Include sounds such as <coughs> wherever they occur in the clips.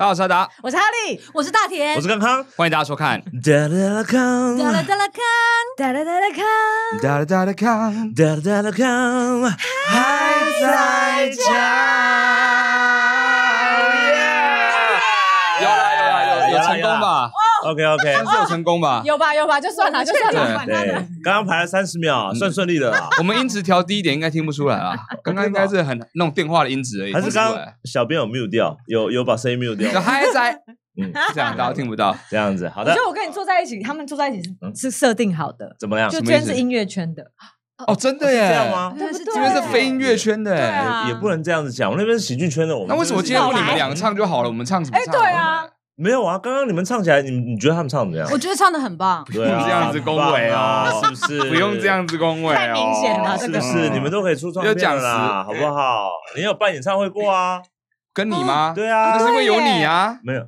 大家好，我是阿達，我是哈利，我是大甜，我是康康，歡迎大家收看。 <music> <music> <music> 還在家。OK OK，是有成功吧。Oh, 有吧有吧，就算了，就算了。Okay, 算了對，剛剛排了三十秒，嗯、算順利的啦。我們音質調低一點，應該聽不出來啊。剛 <laughs> 剛應該是很那種電話的音質而已。還是剛，小編有 mute 掉，有有把聲音 mute 掉。還在，嗯， <laughs> 大家聽不到， <laughs> 這樣子。好的。就我，我跟你坐在一起，他們坐在一起是，嗯、是設定好的。怎麼樣？就這邊是音樂圈的，圈的哦。哦，真的耶？哦、這樣嗎？對，不這邊是非音樂圈的耶、啊，也不能這樣子講。我那邊喜劇圈的，我們。那為什麼今天紹你們兩個唱就好了？我們唱什麼？哎，對啊。對啊對沒有啊，剛剛你們唱起來，你你覺得他們唱怎麼樣？我覺得唱的很棒。不用、啊、這樣子恭維啊，哦、 <laughs> 是不是？不用這樣子恭維、哦。太明顯了，這個、是不是、嗯啊、你們都可以出唱片啦、啊，好不好？ <coughs> 你有辦演唱會過啊？跟你嗎？對啊，那、啊、是因為有你啊。沒有。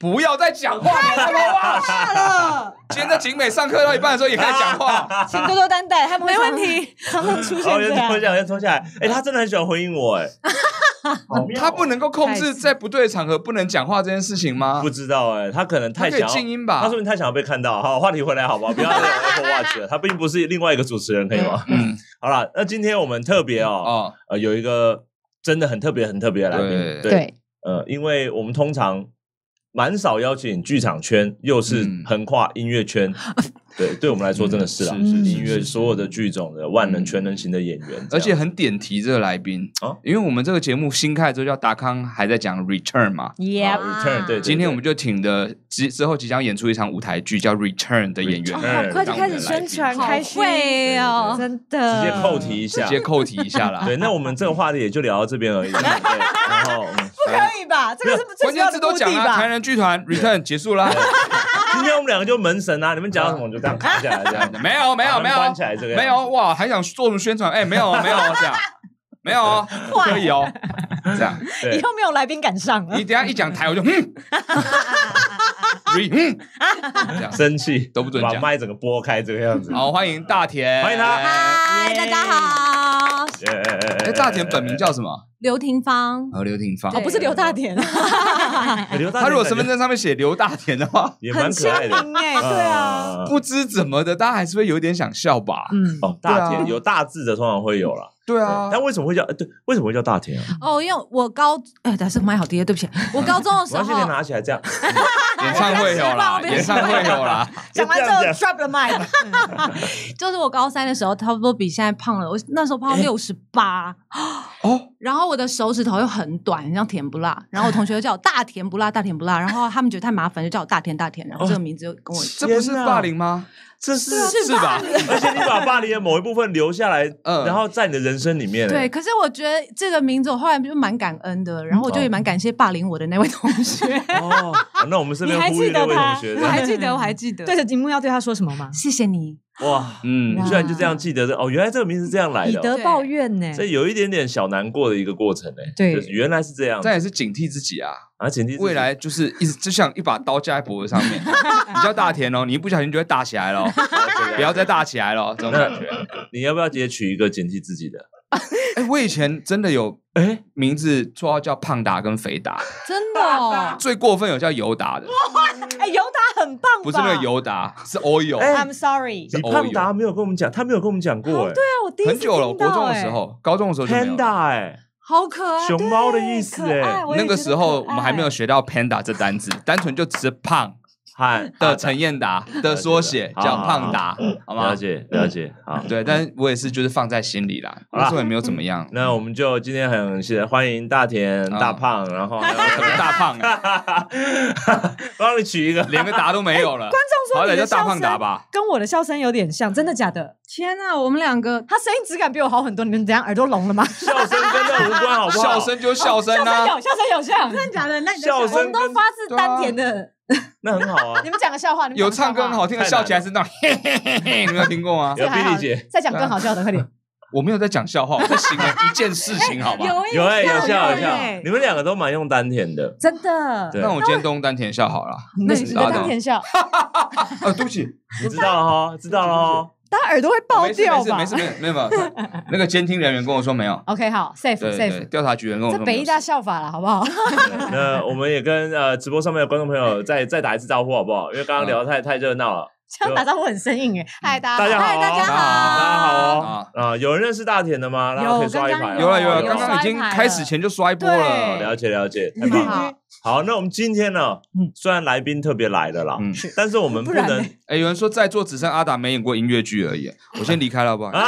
不要再講話！太可怕了！今天在景美上課到一半的時候，也開始講話， <laughs> 請多多擔待。他們沒問題，好 <laughs> 好出現。好、 <laughs> 哦，我們講先拖下來。哎、欸，他真的很喜歡回應我，哎、 <laughs> 哦，他不能夠控制在不對的場合不能講話， <laughs> 話這件事情嗎？不知道、欸，哎，他可能太想要靜音吧？他說你太想要被看到。好，話題回來，好不好？不要再 Apple Watch 了。 <laughs> 他並不是另外一個主持人，可以嗎？嗯嗯嗯、好了，那今天我們特別、喔、哦、呃，有一個真的很特別、很特別的來賓，對，呃，因為我們通常。蠻少邀請劇場圈，又是橫跨音樂圈。嗯 <laughs> 對，對我們來說真的是啦、啊，音、嗯、樂所有的劇種的萬能全能型的演員，而且很點題這個來賓哦、啊，因為我們這個節目新開之後叫達康還在講 return 嘛，耶、yeah.，今天我們就請的之之後即將演出一場舞台劇叫 return 的演員，好快就開始宣傳，開會哦，真的，直接扣題一下， <laughs> 直接扣題一下啦。 <laughs> 對，那我們這個話題也就聊到這邊而已，然後不可以吧？這個是不是關鍵字都講了，台南人劇團 return 結束啦。今天我們兩個就門神啊！你們講到什麼，我們就這樣扛、啊、起來這樣子。沒有沒有沒有，沒有哇！還想做什麼宣傳？哎，沒有沒有這樣， <laughs> 沒有可以哦，可以哦，這樣以後沒有來賓敢上了，你等一下一講台，我就 <laughs> 嗯。 <laughs> 嗯 <laughs> 啊，生氣都不准講，把麥整個撥開，這個樣子。 <laughs> 好，歡迎大田，歡迎他。Hi, yeah. 大家好、yeah. 欸。大田本名叫什麼？劉廷芳。哦，劉廷芳哦，劉廷芳哦，不是劉大田。 <laughs> 劉大田 <laughs> 他如果身份證上面寫劉大田的話，也蠻可愛的。欸對啊，uh, 對啊，不知怎麼的，大家還是會有點想笑吧？嗯。哦、oh，大田、啊、有大字的，通常會有啦。對啊，但為什麼會叫……對，為什麼會叫大甜哦、啊，oh, 因為我高……哎、欸，但是麥好低，對不起，我高中的時候 <laughs> 拿起來這樣，演唱會有了，演 <laughs> 唱會有了，講完之後 drop the mic， <laughs> 就是我高三的時候，差不多比現在胖了，我那時候胖六十八，然後我的手指頭又很短，很像甜不辣，然後我同學就叫我大甜不辣，大甜不辣，然後他們覺得太麻煩，就叫我大甜大甜，然後這個名字就跟我、oh, 這不是霸凌嗎？這是是、啊、是吧、是吧、嗯？而且你把霸凌的某一部分留下來，嗯、然後在你的人生裡面。對，可是我覺得這個名字我後來就蠻感恩的，然後我就也蠻感謝霸凌我的那位同學。嗯、哦， <laughs> 哦，那我們是不是還記得那位同學？我還記得，我還記得。對着熒幕要對他說什麼嗎？謝謝你。哇，嗯哇，你居然就這樣記得哦，原來這個名字是這樣來的、哦，以德報怨呢，這有一點點小難過的一個過程呢。對，就是、原來是這樣，這也是警惕自己啊，啊，警惕自己未來就是一直就像一把刀架在脖子上面， <laughs> 你叫大甜哦，你一不小心就會大起來了， <laughs> 不要再大起來了， <laughs> 這種感覺？你要不要直接取一個警惕自己的？哎、 <laughs> 欸，我以前真的有，哎，名字錯叫胖達跟肥達， <laughs> 真的、哦打打，最過分有叫尤達的。 <laughs> 哎、欸，尤達很棒，不是那個尤達，是 OIL 哎、 <laughs> 欸、I'm sorry，李胖達沒有跟我們講，他沒有跟我們講過、欸。Oh, 對啊，我第一次、欸、很久了，高中的時候， <laughs> 高中的時候就沒有 Panda，哎、欸，好可愛，熊貓的意思、欸。哎，那個時候我們還沒有學到 Panda 這單字， <laughs> 單純就只是胖。 <laughs> 喊的陳彥達的縮寫 <laughs> 叫胖達，好嗎？了解了解，好對， <laughs> 但我也是就是放在心裡啦，那時候也沒有怎麼樣。那我們就今天很歡迎大甜大胖，嗯、然後什麼大胖、啊，我幫你取一個，連個達都沒有了。欸、觀眾說好歹叫大胖達吧。跟我的笑聲有點像，真的假的？天哪、啊，我們兩個他聲音質感比我好很多，你們怎樣耳朵聾了嗎？笑聲真的無關好不好？笑聲就笑聲、啊哦，笑聲有，笑聲有笑，笑真的假的？那笑聲都發自丹田的，啊、 <laughs> 那很好啊。你們講個笑話， <laughs> 有唱歌很好聽的笑起來是那嘿嘿嘿嘿， <laughs> 你們有沒有聽過啊？有冰弟姐。再講更好笑的，快 <laughs> 點可你！ <laughs> 我沒有在講笑話，我在形容， <laughs> 一件事情 <laughs> 好吧？有哎、欸，有笑、欸，有笑，你們兩個都蠻用丹田的，真的。那我今天都用丹田笑好了、啊，那你是丹田笑哈 <laughs> <laughs> 啊？對不起，知道了哦， <laughs> 知道了哦。大家耳朵會爆掉吧？沒事沒事，沒,沒有沒有沒有。那個監聽人員跟我說沒有。OK，好，safe safe 對對對。調查局人員跟我說。這北一大笑話了，好不好？ <laughs> 那我們也跟呃直播上面的觀眾朋友再再打一次招呼，好不好？因為剛剛聊的太 <laughs> 太熱鬧了。這打招呼很生硬耶，欸。嗨，大家，Hi, 大家好，大家好，大家好啊！有人認識大甜的嗎？大家，啊、可以刷一排，哦，有了有了，剛剛已經開始前就刷一波了，了解了解，很 <laughs> 好。好，那我們今天呢，雖然來賓特別來了啦、嗯，但是我們不能。哎，欸欸，有人說在座只剩阿達沒演過音樂劇而已，我先離開了，好不好？不要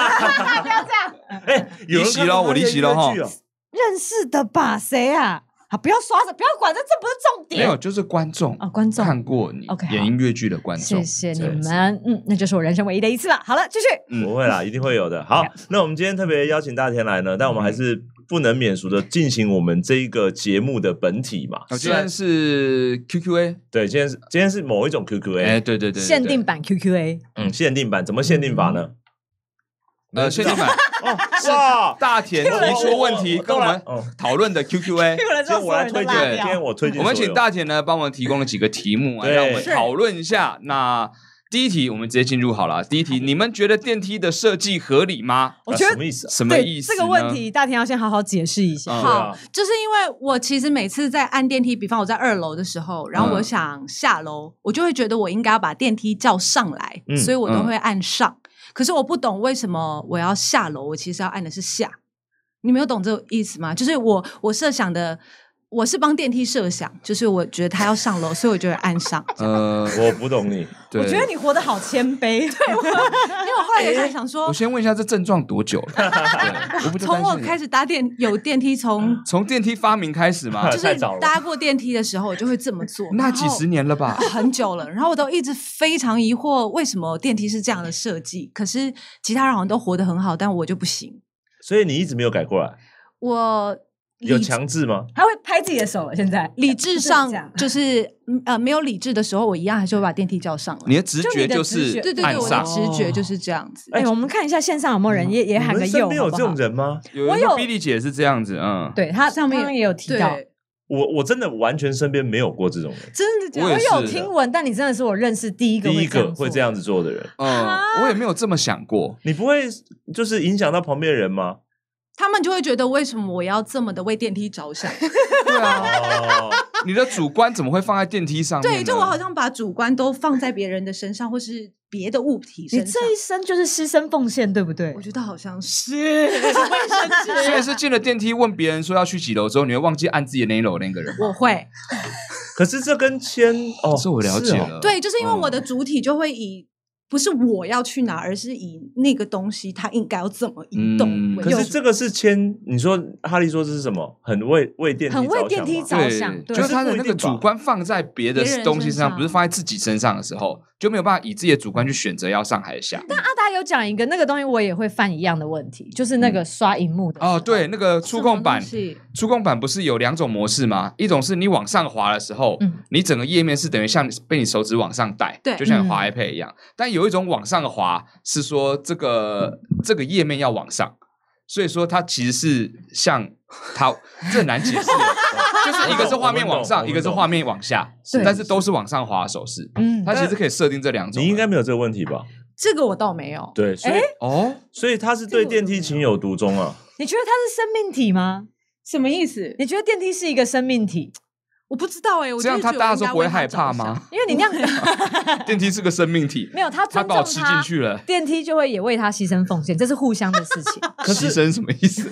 這樣，哎， <laughs> 欸，離席了，我離席了。哈！認識的吧？誰啊？啊！不要刷着，不要管這，這不是重點。沒有，就是觀眾啊、哦，觀眾看過你 okay，演音樂劇的觀眾。謝謝你們，嗯，那就是我人生唯一的一次了。好了，繼續。嗯、不會啦，一定會有的。好， <laughs> 那我們今天特別邀請大甜來呢，但我們還是不能免俗的進行我們這一個節目的本體嘛。雖、嗯、然是 Q Q A，對，今天是今天是某一種 Q Q A，哎，欸、對，對，對，對對對，限定版 Q Q A，嗯，限定版怎麼限定法呢？嗯、呃，限定版。 <laughs> <laughs> 是大甜提出問題跟我們討論的 Q Q A，所 <laughs> 我來推薦。今天我推薦，我們請大甜呢幫我們提供了幾個題目啊，讓我們討論一下。那第一題我們直接進入好了。第一題，你們覺得電梯的設計合理嗎？我覺得什麼意思？什麼意思、啊什麼意思？這個問題大甜要先好好解釋一下。好、啊，就是因為我其實每次在按電梯，比方我在二樓的時候，然後我想下樓、嗯，我就會覺得我應該要把電梯叫上來，所以我都會按上。嗯嗯可是我不懂，為什麼我要下樓，我其實要按的是下，你沒有懂這個意思嗎？就是我我設想的。我是幫電梯設想，就是我覺得他要上樓，所以我就會按上。呃，我不懂你。我覺得你活得好謙卑，對 <laughs> 因為我後來也在想說。我先問一下，這症狀多久了？我不從我開始搭電有電梯，從、嗯、從電梯發明開始嘛，就是搭過電梯的時候，我就會這麼做。啊、 <laughs> 那幾十年了吧、呃？很久了。然後我都一直非常疑惑，為什麼電梯是這樣的設計？可是其他人好像都活得很好，但我就不行。所以你一直沒有改過來、啊？我。有強制嗎？他會拍自己的手了。現在理智上就是 <laughs> 呃，沒有理智的時候，我一樣還是會把電梯叫上來。你的直覺就是按上，就你的直覺對對對，對對對，我的直覺就是這樣子。哎、哦，欸欸，我們看一下線上有沒有人、嗯、也也喊個用？你們身邊有這種人嗎？有人，我有，B 利姐是這樣子，嗯，對她上面，他剛剛也有提到，我我真的完全身邊沒有過這種人，真的，假的，我，的我有聽聞，但你真的是我認識第一個第一個會這樣子做的人、嗯啊。我也沒有這麼想過，你不會就是影響到旁邊人嗎？他們就會覺得為什麼我要這麼的為電梯着想 <laughs> 對啊，你的主觀怎麼會放在電梯上面？對，就我好像把主觀都放在別人的身上，或是別的物體上。你這一生就是犧牲奉獻，對不對？我覺得好像是。是 <laughs> 所以是進了電梯，問別人說要去幾樓之後，你會忘記按自己的那一樓那個人？我會。 <laughs> 可是這根籤哦，這我了解了、哦。對，就是因為我的主體就會以。哦不是我要去哪兒，而是以那個東西它應該要怎麼移動、嗯。可是這個是簽你說哈利說這是什麼？很為為電梯，很為電梯着想、就是，就是他的那個主觀放在別的東西上，身上，不是放在自己身上的時候，就沒有辦法以自己的主觀去選擇要上還是下、嗯。但阿達有講一個那個東西，我也會犯一樣的問題，就是那個刷熒幕的、嗯、哦，對，那個觸控板，觸控板不是有兩種模式嗎？一種是你往上滑的時候，嗯、你整個頁面是等於像被你手指往上帶，就像你滑 iPad 一樣，嗯、但有。有一種往上滑，是說這個這個頁面要往上，所以說它其實是像……它，這很難解釋， <laughs> 就是一個是畫面往上，oh, oh, oh, oh, 一個是畫面往下，嗯，但是都是往上滑的手勢。嗯，它其實可以設定這兩種。你應該沒有這個問題吧？這個我倒沒有。對，所以哦，欸，所以它是對電梯情有獨鍾啊，這個？你覺得它是生命體嗎？什麼意思？你覺得電梯是一個生命體？我不知道哎、欸，這樣他搭的時候不會害怕嗎？因為你那樣很， <laughs> 電梯是個生命體，沒 <laughs> 有他把我進去了，電梯就會也為他犧牲奉獻， <laughs> 這是互相的事情。犧牲什麼意思？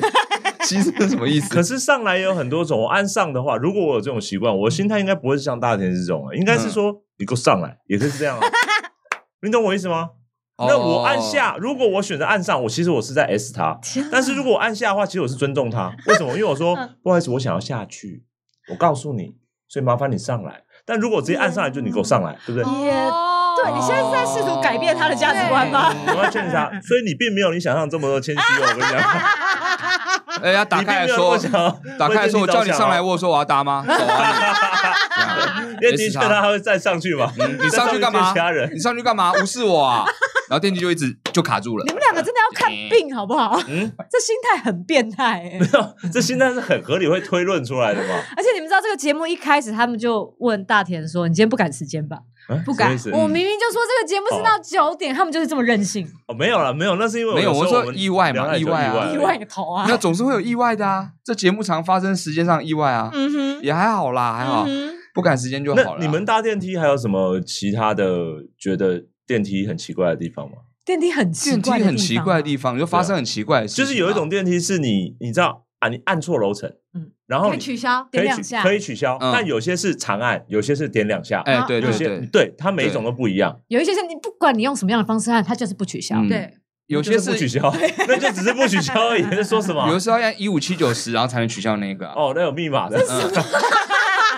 犧牲什麼意思？可是上來有很多種，我按上的話，如果我有這種習慣，我心態應該不會像大甜這種應該是說、嗯、你給我上來，也就是這樣啊。 <laughs> 你懂我意思嗎？Oh. 那我按下，如果我選擇按上，我其實我是在 s 他、啊，但是如果我按下的話，其實我是尊重他。為什麼？因為我說、嗯、不好意思，我想要下去，我告訴你。所以麻煩你上來，但如果直接按上來，就你給我上來，對不對？也，對，你現在是在試圖改變他的價值觀嗎？我要勸一下， <laughs> 所以你並沒有你想象這麼多謙虛哦，我跟你講。 <laughs> 哎、欸、呀、啊，打開來說，打開來說，我叫你上來， <laughs> 我說我要搭嗎？哈哈哈哈哈。因為電 <laughs> 梯、啊、他他會再上去嘛，你上去幹嘛？ <laughs> 你上去幹嘛？ <laughs> 幹嘛 <laughs> 無視我啊！然後電梯就一直就卡住了。你們兩個真的要看病好不好？嗯，這心態很變態、欸。沒有，這心態是很合理，會推論出來的嘛。 <laughs> 而且你們知道這個節目一開始他們就問大甜說：“你今天不趕時間吧？”不、啊、敢、嗯！我明明就說這個節目是到九點、嗯，他們就是這麼任性。哦，沒有啦，沒有，那是因為我。我，我說意外嘛，意外、啊，意外頭啊！那總是會有意外的啊！這節目常，常發生時間上意外啊、嗯，也還好啦，還好，嗯、不趕時間就好了。你們搭電梯還有什麼其他的覺得電梯很奇怪的地方嗎？電梯很奇怪，很奇怪的地方就發生很奇怪的事、啊啊，就是有一種電梯是你，你知道啊，你按錯樓層，嗯然後可以取消，取點兩下可以取消，嗯，但有些是長按，有些是點兩下，哎，嗯啊，對，有些對它每一種都不一樣。有一些是你不管你用什麼樣的方式按，它就是不取消。對，有些是，就是，不取消，那就只是不取消而已。就 <laughs> 說什麼？有的時候要一五七九十，然後才能取消那個，啊。哦，那有密碼的。 <laughs>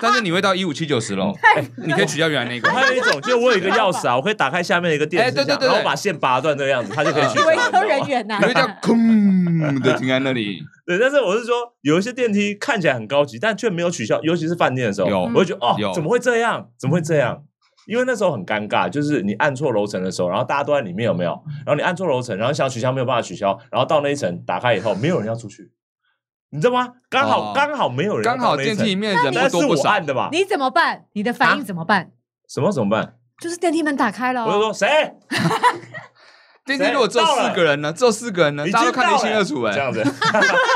但是你會到一五七九咯。了、欸，你可以取消原來那個。還有一種就是我有一個鑰匙啊，我可以打開下面的一個電梯、欸，然後把線拔斷這個樣子，它就可以取消。因、呃、為人員、啊、 <laughs> 空的停在那裡。對，但是我是說，有一些電梯看起來很高級，但卻沒有取消，尤其是飯店的時候，有，我會覺得哦，怎麼會這樣？怎麼會這樣？因為那時候很尷尬，就是你按錯樓層的時候，然後大家都在裡面有沒有？然後你按錯樓層，然後想取消，沒有辦法取消，然後到那一層打開以後，沒有人要出去。你知道嗎？剛好剛、哦、好沒有人沒，剛好電梯裡面人不多不少。你怎麼辦？你的反應怎麼辦？啊、什麼怎麼辦？就是電梯門打開了、哦我就。我說誰？ <laughs> 電梯如果坐四個人呢？坐四個人呢？你就了大家都看得一清二楚哎，這樣子。 <laughs>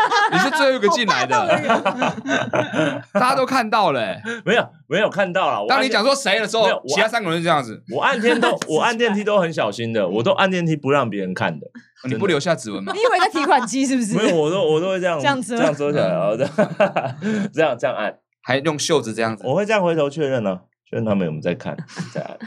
<laughs> 你是最後一個進來的， <laughs> 大家都看到了。 <laughs> 沒有沒有看到了。當你講說誰的時候，其他三個人是這樣子。我按電梯都我按電梯都很小心的， <laughs> 我都按電梯不讓別人看的。你不留下指紋嗎？ <laughs> 你以為在提款機是不是？ <laughs> 沒有，我都我都會這樣子，這樣收起來，然 <laughs> 後這樣這樣按，還用袖子這樣子。我會這樣回頭確認呢、哦，確認他們有沒有在看，再按。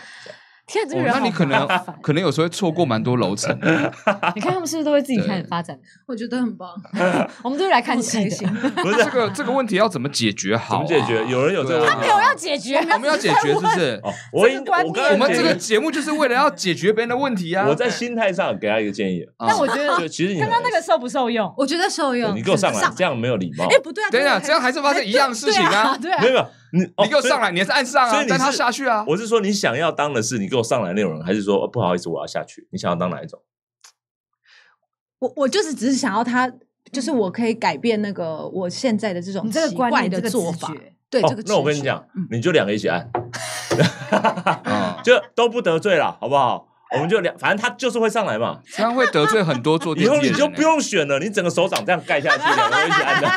那、啊、 <laughs> 你可能可能有時候會錯過蠻多樓層的。 <laughs> 你看他們是不是都會自己開始發展？我覺得很棒。 <laughs> 我們都是來看戲不的。不是、啊、 <laughs> 這個這個問題要怎麼解決？好、啊，怎麼解決？啊、有人有這個問題、啊，他沒有要解決，我們要，要解決是不是？哦、我、這個、我們我們這個節目就是為了要解決別人的問題啊。我在心態上給他一個建議。啊、但我覺得其實 <laughs> 剛剛那個受不受用？我覺得受用。 <laughs> 你給我上來， <laughs> 這樣沒有禮貌。哎，不對、啊，等一下這樣還是發生一樣的事情啊？對。對啊對啊對啊、沒有。你、哦、你給我上來，你還是按上啊？所以你讓他下去啊？我是說，你想要當的是你給我上來那種人，還是說、哦、不好意思，我要下去？你想要當哪一種？我我就是只是想要他，就是我可以改變那個我現在的這種、嗯、奇怪的做法。你這個做法對、哦，這個那我跟你講、嗯，你就兩個一起按， <laughs> 就都不得罪了，好不好？我們就兩，反正他就是會上來嘛，這樣會得罪很多坐電、欸。以後你就不用選了，你整個手掌這樣蓋下去，兩個一起按的。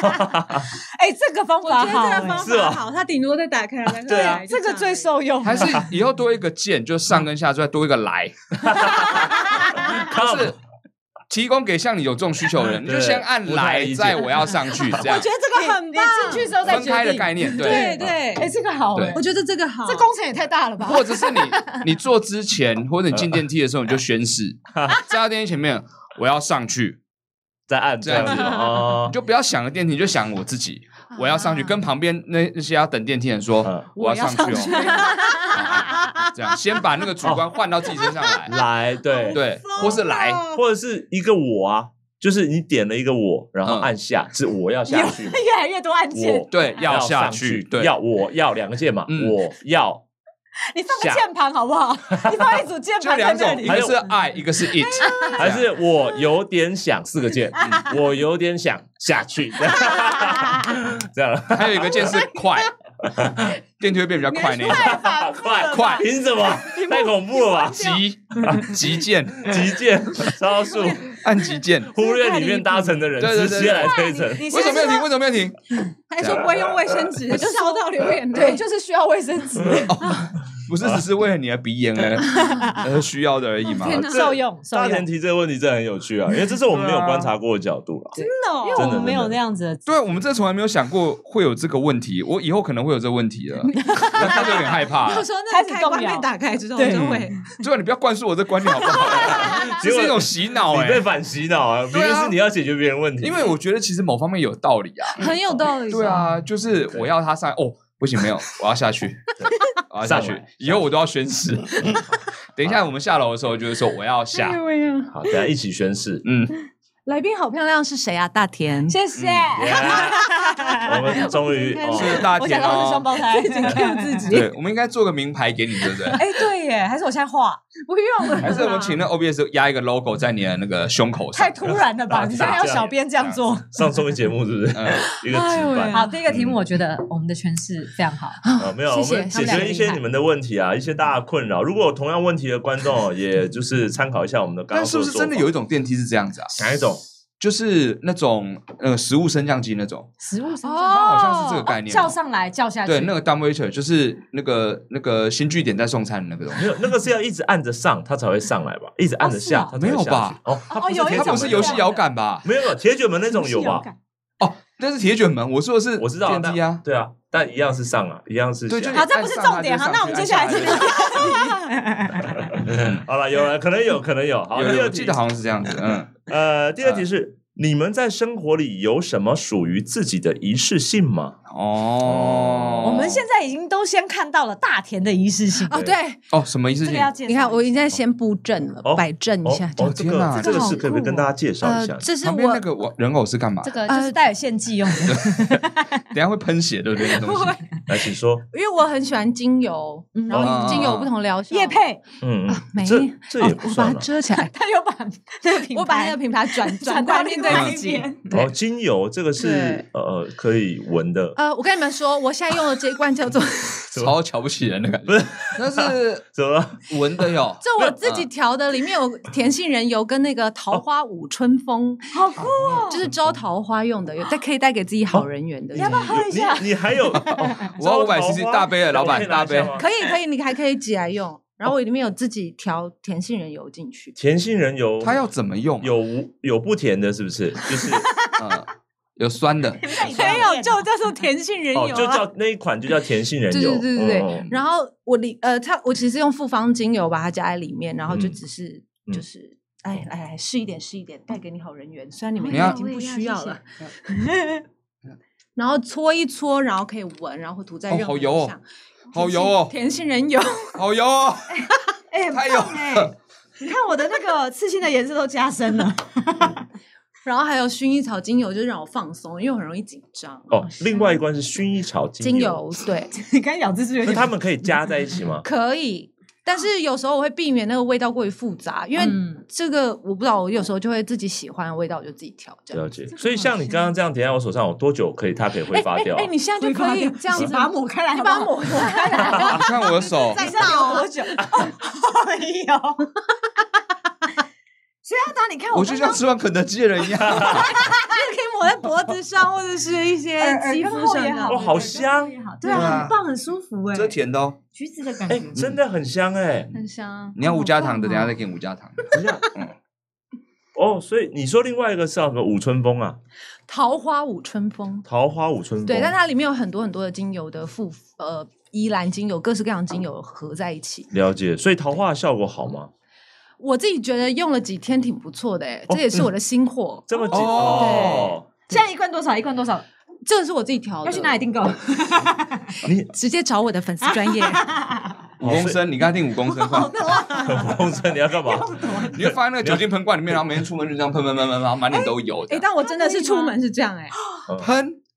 哎、欸，這個方法，方法好，是哦，好，他頂多再打開再來對、啊、這，這個最受用。還是以後多一個鍵，就上跟下，再多一個來。不 <laughs> 但是。 <laughs> 提供給像你有這種需求的人，嗯、你就先按來，再我要上去這樣子。我覺得這個很棒，進去再分開的概念，對、嗯、對。哎、欸，這個好，我覺得這個好，這工程也太大了吧。或者是你你坐之前， <laughs> 或者你進電梯的時候，你就宣誓， <laughs> 在到電梯前面我要上去，再按這樣子，樣子 <laughs> 你就不要想着電梯，你就想我自己、我要上去，啊、跟旁邊那那些要等電梯的人說，啊，我要上去哦。 <laughs> 啊、這樣先把那個主觀換到自己身上來，來、oh. 對對，oh. 對 oh. 或是來、oh. 或者是一個我啊，就是你點了一個我，然後按下、嗯、是我要下去，越，越來越多按鍵，對要下去， <laughs> 對、要上去、對要我要兩個鍵嘛，嗯、我要。你放個鍵盤好不好？你放一組鍵盤在這裡，還是愛？一個是 it， <laughs> 還是我有點想四個鍵， <laughs> 我有點想下去， <laughs> 這樣了， <laughs> 還有一個鍵是快。 <laughs> 電梯會變比較快那種，快快，憑什麼？ <laughs> 太恐怖了吧！急啊，急件， <laughs> 急件劍， <laughs> 超速，按急件，忽略裡面搭乘的人， <laughs> 對對對對直接來推車。為什麼沒有停？為什麼沒有停？還說不會用衛生紙，呃、就是收到留言、呃，對，就是需要衛生紙。 <laughs> 哦 <laughs> 不是，只是為了你的鼻炎而、欸呃、需要的而已嘛、哦天受。受用。大甜提這個問題真的很有趣啊，因為這是我們沒有觀察過的角度了、啊。啊真,的哦、真,的真的，因為我們沒有那樣子。對，我們真的從來沒有想過會有這個問題，我以後可能會有這個問題了，那 <laughs> 就有點害怕、欸。我說，開始開關被打開之後就會。對,、嗯、對你不要灌輸我這觀念好不好？ <laughs> 這是一種洗腦、欸，你被反洗腦啊！明明是你要解決別人問題、啊，因為我覺得其實某方面有道理啊，嗯、很有道理、啊。對啊，就是我要他上 <laughs> 哦，不行，沒有，我要下去。下、啊、去以後，我都要宣誓。 <laughs> <laughs> 等一下，我們下樓的時候，就是說我要下。 <laughs> 哎哎、好，大家一,一起宣誓。 <laughs> 嗯。來賓好漂亮，是誰啊？大甜，謝謝。嗯、yeah, <laughs> 我們終於，我、okay, 是、哦、大甜、哦，我想到雙胞胎， <laughs> 自己 cue 自己。對，我們應該做個名牌給你，對不對？哎、欸，對耶，還是我現在畫？不用了，還是我們請那 OBS 壓一個 logo 在你的那個胸口上。啊、太突然了吧？你現在要小編這樣做，上綜藝節目是不是？ <laughs> 嗯、 <laughs> 一個直板。好、嗯，第一個題目，我覺得我們的詮釋非常好。啊，沒有，謝謝我們解決了一些們你們的問題啊，一些大的困擾。如果有同樣問題的觀眾，也就是參考一下我們的剛剛。但是，是不是真的有一種電梯是這樣子啊？哪一種？就是那種呃、食物升降機那種，食物升降機，它、哦、好像是這個概念、哦，叫上來叫下去。對，那個 dumb waiter 就是那個那個新據點在送餐的那個東西，沒有那個是要一直按着上它才會上來吧，一直按着下它、哦、沒有吧？哦，它不是哦有一它不是遊戲搖桿吧、哦？沒有鐵卷門那種有吧但是鐵捲門，我說的是、啊,我知道電梯啊，對啊，但一樣是上啊，嗯、一樣是下、啊、對，好、就是啊，這不是重點哈、啊啊，那我們接下來是， <laughs> <laughs> <laughs> 好了，有了，可能有可能有，好，有有第二題記得好像是這樣子，嗯， <laughs> 呃，第二題是。啊你們在生活裡有什麼屬於自己的儀式性嗎？哦，我們現在已經都先看到了大甜的儀式性哦，對，哦，什麼儀式性？你看我已經在先布陣了，擺陣一下。哦，下哦，哦天哪，這個、這個哦這個、是可不可以跟大家介紹一下，呃、這是我旁邊那個我人偶是幹嘛、呃？這個就是帶有獻祭用的。 <laughs> <laughs> 等下會噴血，對不對？不會，來請說。因為我很喜歡精油，嗯、然後精油不同療效、啊、業配，嗯，嗯沒這，這也不算、哦、我把它遮起來， <laughs> 他又有把那個品牌，我把那個品牌轉轉那面。然、嗯、哦，精油這個是呃可以聞的。呃，我跟你們說，我現在用的這一罐叫做……超瞧不起人的感覺，不是？那是怎、啊、麼聞的喲？這我自己調的，裡面有甜杏仁油跟那個桃花舞春風，啊就是啊、好，好酷哦！就是招桃花用的，有帶可以帶給自己好人緣的。啊、要不要喝一下？你，你還有？我五百 cc 大杯的，老闆大杯可以，可以，你還可以擠來用。嗯然後我裡面有自己調甜杏仁油進去，甜杏仁油它要怎麼用？有無有不甜的，是不是？就是啊、 <laughs> 呃，有酸的， <laughs> 有酸的沒有？就叫做甜杏仁油。啊哦，就叫那一款，就叫甜杏仁油。 <laughs> 對對對對，對、嗯、然後我裡呃，它我其實用複方精油把它加在裡面，然後就只是、嗯、就是，哎哎，試一點試一點，帶給你好人緣。雖然你們應該已經不需要了，哦、要謝謝 <laughs> 然後搓一搓，然後可以聞，然後會塗在任何。哦好油哦好油哦，甜杏仁油，好油哦，哎、欸，還有哎，你看我的那個刺青的顏色都加深了， <laughs> <laughs> 然後還有薰衣草精油，就讓我放鬆，因為我很容易緊張。哦， <laughs> 另外一罐是薰衣草精油，精油，對，你看咬字是有點。那它們可以加在一起嗎？ <laughs> 可以。但是有時候我會避免那個味道過於複雜，因為這個我不知道，我有時候就會自己喜歡的味道我就自己調，這了解。所以像你剛剛這樣點在我手上，有多久可以它可以揮發掉、啊？哎，你現在就可以這樣子把，抹開，好好你把抹開來， <laughs> 你把抹開來， <laughs> 你看我的手，再看多久？哎呦！所以要打？你看我，剛剛我就像吃完肯德基的人一樣， <laughs> 可以抹在脖子上，或者是一些肌膚上也好哦。哦，好香，對啊，很棒，啊、很舒服哎、欸，這甜的，哦，橘子的感覺、欸，哎、嗯，真的很香哎、欸，很香、啊。你要無加糖的，嗯啊、等下再給你無加糖。哦， <laughs> 嗯 oh, 所以你說另外一個是什麼？舞春風啊，桃花舞春風，桃花舞春風。對，但它裡面有很多很多的精油的複，呃，依蘭精油，各式各樣精油合在一起。嗯、了解。所以桃花的效果好嗎？嗯我自己覺得用了幾天挺不錯的，哎、哦，這也是我的新貨。哦嗯、這麼值哦！現在一罐多少？一罐多少？這是我自己調的。要去哪裡訂購？ <laughs> 你直接找我的粉絲專頁。哦哦、五公升，你剛才訂五公升，五公升你要幹嘛？你要放在、啊、那個酒精噴罐裡面，然後每天出門就這樣噴噴噴噴，噴，然後滿臉都有、哎哎。但我真的是出門是這樣，哎，噴。噴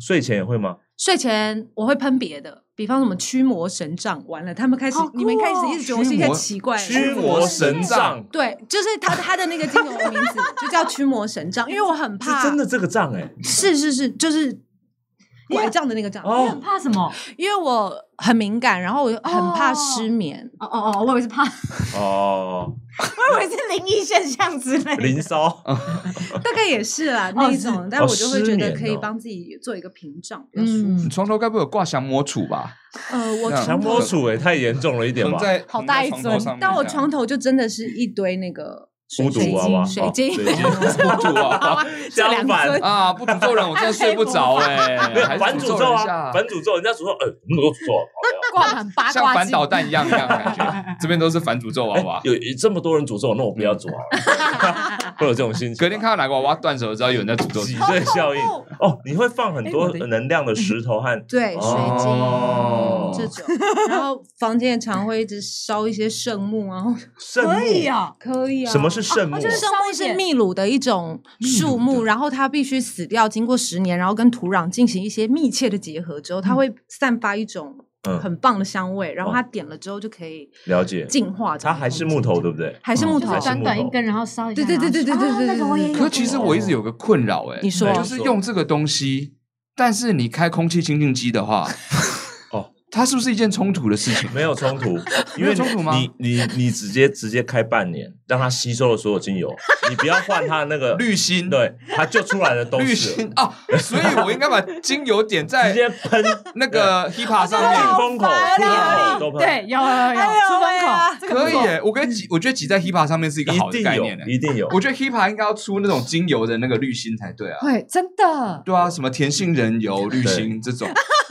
睡前也會嗎？睡前我會噴別的，比方什麼驅魔神杖。完了，他們開始、哦、你們開始一直覺得是一個奇怪的驅。驅魔神杖、欸，對，就是他的 <laughs> 他的那個精油名字就叫驅魔神杖，因為我很怕。是真的這個杖哎、欸，是是是，就是。拐杖的那個杖，我、哦、很怕什麼？因為我很敏感，然後我很怕失眠。哦哦哦，我以為是怕。哦。 <laughs> 哦哦 <laughs> 我以為是靈異現象之類的。靈騷。 <laughs> 大概也是啦、哦、那一種，但我就會覺得可以幫自己做一個屏障。嗯、哦。哦、你床頭該不會有掛降魔杵吧？呃，我降魔杵哎，太嚴重了一點吧在？好大一尊，但我床頭就真的是一堆那個。巫毒娃娃好不好？巫毒娃娃啊，好好 <laughs> 相反啊，不詛咒人，我真的睡不着哎，欸。反 <laughs> 詛咒，咒啊，反詛咒，咒，人家詛咒，呃，那麼多詛咒，像反導彈一樣一樣，樣感覺。 <laughs> 這邊都是反詛咒好好，娃、欸、娃。好？有這麼多人詛咒，那我不要詛咒，會有這種心情。隔天看到哪個娃娃斷手之後，有人在詛咒，集熱效應哦，哦，哦，哦，你會放很多能量的石頭和、嗯、對水晶。哦這種， <laughs> 然後房間常會一直燒一些聖木 <laughs> 可以啊，聖木呀，可以啊。什麼是聖木？啊、就是聖木是秘魯的一種樹木，然後它必須死掉，經過十年，然後跟土壤進行一些密切的結合之後，嗯、它會散發一種很棒的香味，嗯、然後它點了之後就可以了解淨化，、嗯它淨化嗯。它還是木頭，對不對？還是木頭，短一一、嗯、短一根，然後燒一下。對對對對對對對、啊啊那個。可其實我一直有個困擾、欸，哎，你說、啊、就是用這個東西，但是你開空氣清淨機的話.。 <laughs> 它是不是一件衝突的事情、啊？ <laughs> 沒有衝突，因為你 <laughs> 你你，你，你直接直接開半年，讓它吸收了所有精油，你不要換它的那個濾芯， <laughs> 對，它就出來了東西。濾 <laughs> 芯哦，所以我應該把精油點在 <laughs> 直接噴那個 HEPA 上面出風口，對、哎，有有出風口可以。我跟擠，我覺得擠在 HEPA 上面是一個好的概念一定，一定有。我覺得 HEPA 應該要出那種精油的那個濾芯才對啊。 <laughs> 對，真的。對啊，什麼甜杏仁油濾芯這種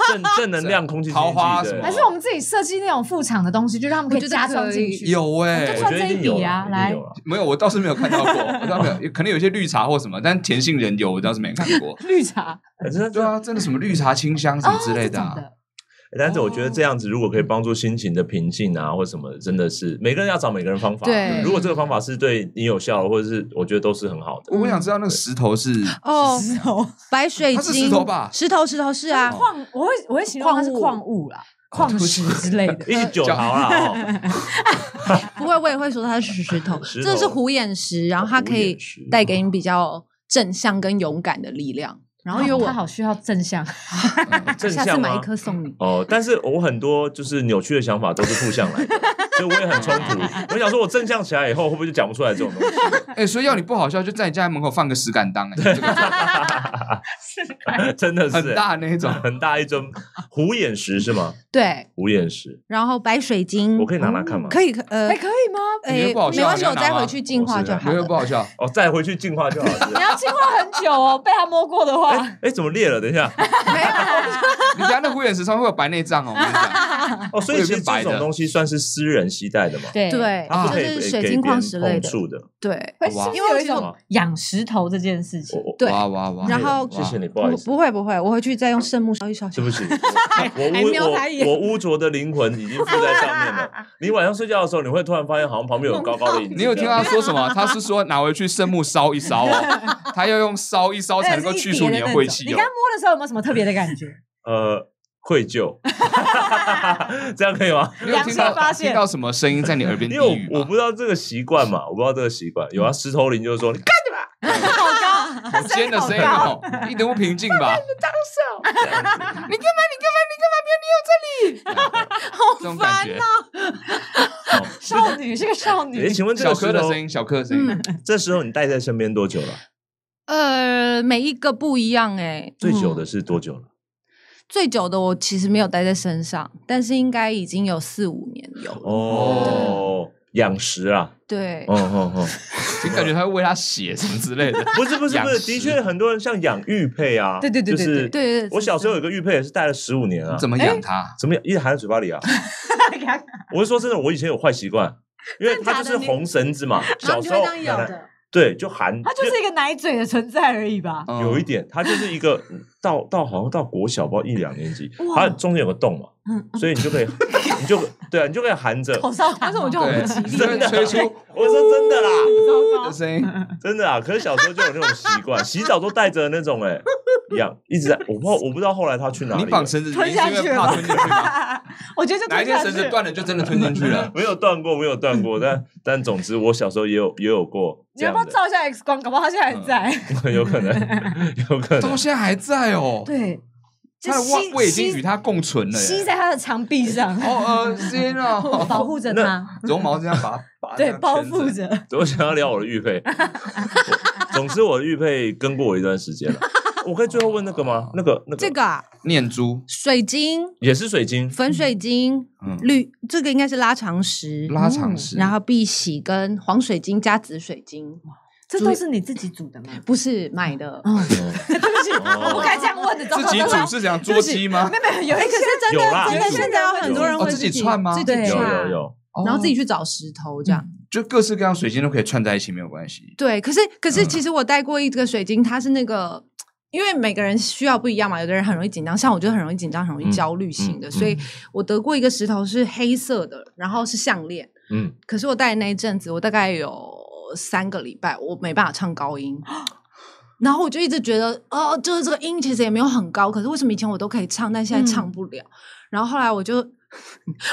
正正能量空氣淨化。啊、還是我們自己設計那種副廠的東西，就讓他們可以加裝進去。有哎，欸，就算這一筆啊，來有了，沒有，我倒是沒有看到過，不知道有沒有，可能有些綠茶或什麼，但甜杏仁有，我倒是沒看過 <laughs> 綠茶、欸。對啊，真的什麼綠茶清香什麼之類的、啊。哦但是我覺得這樣子，如果可以幫助心情的平靜啊，或者什麼，真的是每個人要找每個人方法。對，如果這個方法是對你有效的，或者是我覺得都是很好的。我想知道那個石頭是哦，石頭白水晶，它是石頭吧？石頭石頭是啊，礦、哦，我會我會喜歡它是礦物啦，礦石之類的。 <laughs> 一九好啦、哦。 <laughs> <laughs> 不會，我也會說它是石頭、石頭。這是虎眼石，然後它可以帶給你比較正向跟勇敢的力量。然後因為我好需要正向，嗯、正向，下次買一顆送你、嗯、哦。但是我很多就是扭曲的想法都是負向來，的。所 <laughs> 以我也很衝突。 <laughs> 我想說，我正向起來以後， <laughs> 會不會就講不出來這種東西？哎、欸，所以要你不好笑，嗯、就在你家在門口放個石敢當。哎，對，的 <laughs> 干檔 <laughs> 真的是很大那一種，很大一尊。虎眼石是嗎？ <laughs> 對，虎眼石。然後白水晶，我可以拿拿看嗎？嗯、可以，呃，還、欸、可以嗎？哎、欸欸，沒關係，我再回去淨化就好。不會、啊、不好笑，哦，再回去淨化就好。你要淨化很久哦， <laughs> <laughs> 被他摸過的話。哎、欸欸，怎麼裂了？等一下，沒有，你家那虎眼石上面會有白內障哦。 <laughs> 你一 <laughs> 哦，所以有些白的東西算是私人攜帶的嘛？對，啊、它可以就是水晶礦石類的、的。對，會且因為有一種養、啊、石頭這件事情，哇、哇、哇。然後哇謝謝你，不好意思，不會不會，我回去再用聖木燒一燒。是不是？我污濁 <laughs> 的靈魂已經附在上面了。 <laughs> 你晚上睡覺的時候，你會突然發現好像旁邊有高高的影。 <laughs> 你有聽到他說什麼？ <laughs> 他是說拿回去聖木燒一燒。哦。在你你你他要用燒一燒。才能夠在你你你去除在你你你你剛摸的時候有沒有什麼特別的感覺？呃，愧疚， <laughs> 這樣可以嗎？你沒有聽到 <laughs> 聽到什麼聲音在你耳邊低語？我不知道這個習慣嘛，我不知道這個習慣。 <laughs> 有啊，石頭林就是說：“ <laughs> 你幹嘛？ <laughs> 好高！我 <laughs> 尖的聲音很好，一點都不平靜吧 <laughs> 你？你幹嘛？你幹嘛？你幹嘛？不要捏我這裡！ <laughs> 好煩啊、哦！ <laughs> 少女是個少女。哎，請問這個石頭的聲音，小柯的聲音、嗯，這時候你帶在身邊多久了？”呃，每一個不一樣哎、欸。最久的是多久了、嗯？最久的我其實沒有戴在身上，但是應該已經有四五年了。哦，養石啊？對，哦哦哦，就感覺他餵他血什麼之類的。不是不是不是,不是，的確很多人像養玉佩啊， <laughs> 對,對,對對對，就是、對,對,對對，我小時候有個玉佩也是戴了十五年啊怎，怎麼養它？怎麼養？一直含在嘴巴裡啊？ <laughs> 我是說真的，我以前有壞習慣，因為它就是紅繩,繩子嘛，小時候養的。奶奶對，就含它就是一個奶嘴的存在而已吧。有一點，它就是一個。 <laughs> 到到好像到國小不到一兩年級，好像中間有個洞嘛、嗯，所以你就可以，嗯、你就 <laughs> 對啊，你就可以含着。口哨但是我就很吉利。真的、啊，我說真的啦。聲音，真的啊。可是小時候就有那種習慣， <laughs> 洗澡都帶着那種哎、欸，一樣一直在。我不， <laughs> 我不知道後來他去哪裡。你綁繩子，因吞，吞下去了。 <laughs> 我覺得就哪天繩子斷了就真的吞進去了。 <laughs> 沒有斷過，沒有斷過。但但總之我小時候也有也有過。你要不要照一下 X 光？搞不好他現在還在。嗯、 <laughs> 有可能，有可能。怎 <laughs> 現在還在？對，它的胃已經與它共存了吸，吸在它的長臂上，好噁心哦。保護着它，絨毛這樣把它拔， <laughs> 對，包覆着。我想要聊我的玉佩， <laughs> 總之我的玉佩跟過我一段時間了。 <laughs> 我可以最後問那個嗎？ <laughs> 那個那個這個念珠，水晶也是水晶，粉水晶、嗯、綠，這個應該是拉長石，拉長石，嗯、然後碧玺跟黃水晶加紫水晶。這都是你自己煮的嗎？不是買的、嗯 <laughs> 對哦是。對不起，我不該這樣問的。自己煮是講桌機嗎？沒有，有一個是真的。有啦。現在有很多人會自己、哦、自己串嗎？自己有有有。然後自己去找石頭，這樣、嗯、就各式各樣水晶都可以串在一起，沒有關係。嗯、對，可是可是其實我戴過一個水晶，它是那個，因為每個人需要不一樣嘛，有的人很容易緊張，像我就很容易緊張，很容易焦慮型的，嗯嗯嗯、所以我得過一個石頭是黑色的，然後是項鏈。嗯，可是我戴的那一陣子，我大概有。三個禮拜，我沒辦法唱高音，然後我就一直覺得， <coughs> 哦，就是這個音其實也沒有很高，可是為什麼以前我都可以唱，但現在唱不了？嗯、然後後來我就，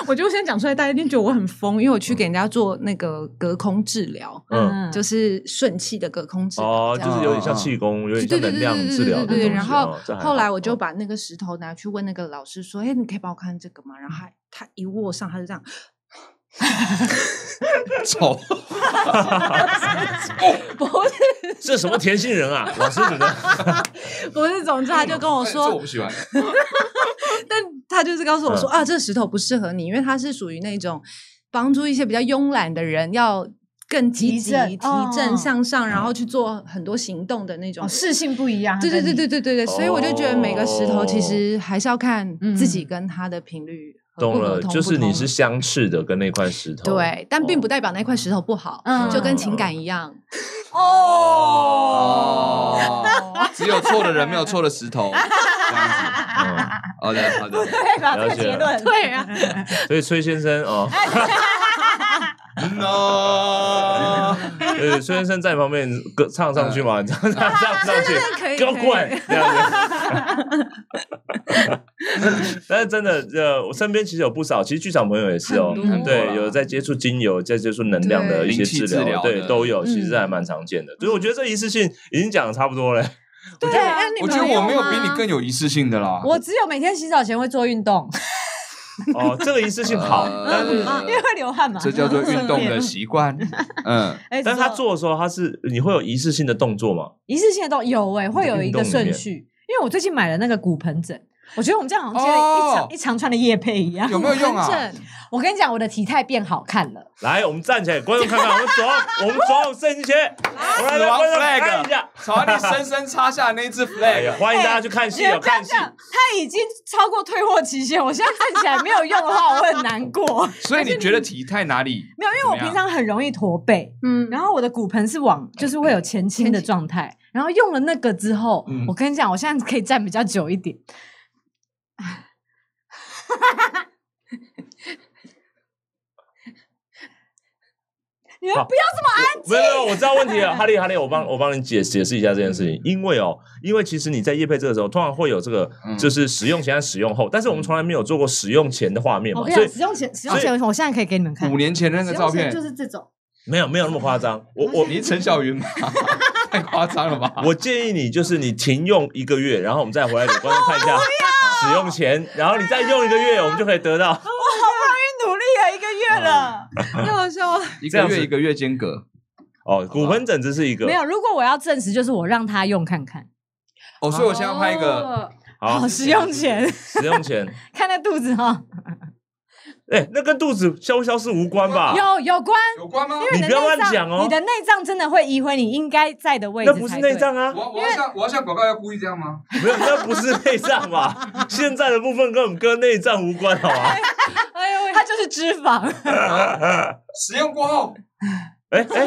我就先現在講出來，大家一定覺得我很瘋，因為我去給人家做那個隔空治療，嗯，嗯，就是順氣的隔空治療嗯，嗯，就是順氣的隔空治療，哦，就是有點像氣功，有點像能量治療、哦哦、對，對，對，對，對，然後然後，然後，後來我就把那個石頭拿去問那個老師說，哎、哦，你可以幫我看這個嗎？然後他他一握上，他就這樣。醜 <laughs> 醜， <laughs> 不是這什麼甜心人啊？老師覺得不是，總之他就跟我說，但他就是告訴我說啊，這石頭不適合你，因為它是屬於那種幫助一些比較慵懶的人，要更積極、提振向上，然後去做很多行動的那種。屬性不一樣，對對對對對對對、對，所以我就覺得每個石頭其實還是要看自己跟它的頻率、嗯。 <laughs> 不不懂了不不，就是你是相斥的，跟那塊石頭。對，但並不代表那塊石頭不好、嗯。就跟情感一樣、嗯哦哦哦。哦，只有錯的人， <laughs> 沒有錯的石頭。好 <laughs> 的、嗯 <laughs> oh,，好的。對，對，不對吧？了解了這個、結論對、啊、 <laughs> 所以崔先生 <laughs> 哦。 <laughs> 嗯啊，呃， <noise> 孫先 <noise> <noise> 生在旁邊歌唱上去嘛，嗯、 <laughs> 唱樣這樣上去，搖、啊、滾、啊啊啊啊，這樣子。 <laughs> 但是真的，呃，我身邊其實有不少，其實劇場朋友也是哦、喔，對，有在接觸精油，在接觸能量的一些治療，對，都有，嗯、其實還蠻常見的。所、嗯、以我覺得這儀式性已經講得差不多嘞。對、啊，我覺得我沒有比你更有儀式性的啦。我只有每天洗澡前會做運動。 <laughs> <laughs> 哦，這個儀式性好，呃、但是因為會流汗嘛，這叫做運動的習慣。 <laughs> 嗯，欸、但是他做的時候， <laughs> 他是你會有儀式性的動作嗎？儀式性的動作有哎、欸，會有一個順序。因為我最近買了那個骨盆枕。我覺得我們這樣好像接一、oh, 一長一長串的業配一樣，有沒有用啊？我跟你講，我的體態變好看了。來，我們站起來，觀眾看看， <laughs> 我們左，我們左手伸出去。 <laughs> 來亡、啊、flag 看一下，朝你深深插下的那一支 flag、哎。歡迎大家去看戲，要、欸、看戲。它已經超過退貨期限，我現在站起來沒有用的話，我很難過。 <laughs> 所以你覺得體態哪裡沒有？因為我平常很容易駝背，嗯，然後我的骨盆是往，就是會有前傾的狀態。然後用了那個之後、嗯，我跟你講，我現在可以站比較久一點。哈哈哈，你們不要這麼安靜、啊。沒有，沒有，我知道問題了。哈利哈利，我幫我幫你解解釋一下這件事情。因為哦，因為其實你在業配，這個時候，通常會有這個，就是使用前、使用後。但是我們從來沒有做過使用前的畫面嘛。哦、所以，所以使用前、使用前，我現在可以給你們看五年前那個照片，就是這種。沒有沒有那麼誇張。我 <laughs> 我，我，你陳小雲嗎？ <laughs> 太誇張了吧！我建議你就是你停用一個月，然後我們再回來給觀眾看一下。 <laughs> 使用前，然後你再用一個月、哎，我們就可以得到。我好不容易努力了、啊、一個月了，又、哦、我說 <laughs> 一個月一個月間隔，哦，骨盆枕只是一個沒有。如果我要證實，就是我讓他用看看。哦，所以我現在要拍一個、哦好好，好，使用前，使用前， <laughs> 看那肚子哈、哦。哎、欸，那跟肚子消不消失無關吧？有關有，有關，有關嗎？因為你不要亂講哦！你的內臟真的會移回你應該在的位置？那不是內臟啊！我我要像我要像廣告要故意這樣嗎？沒有，那不是內臟吧？ <laughs> 現在的部分跟我們跟內臟無關好、啊，好、哎、嗎？哎呦喂，它就是脂肪 <laughs> 啊啊。使用過後，哎哎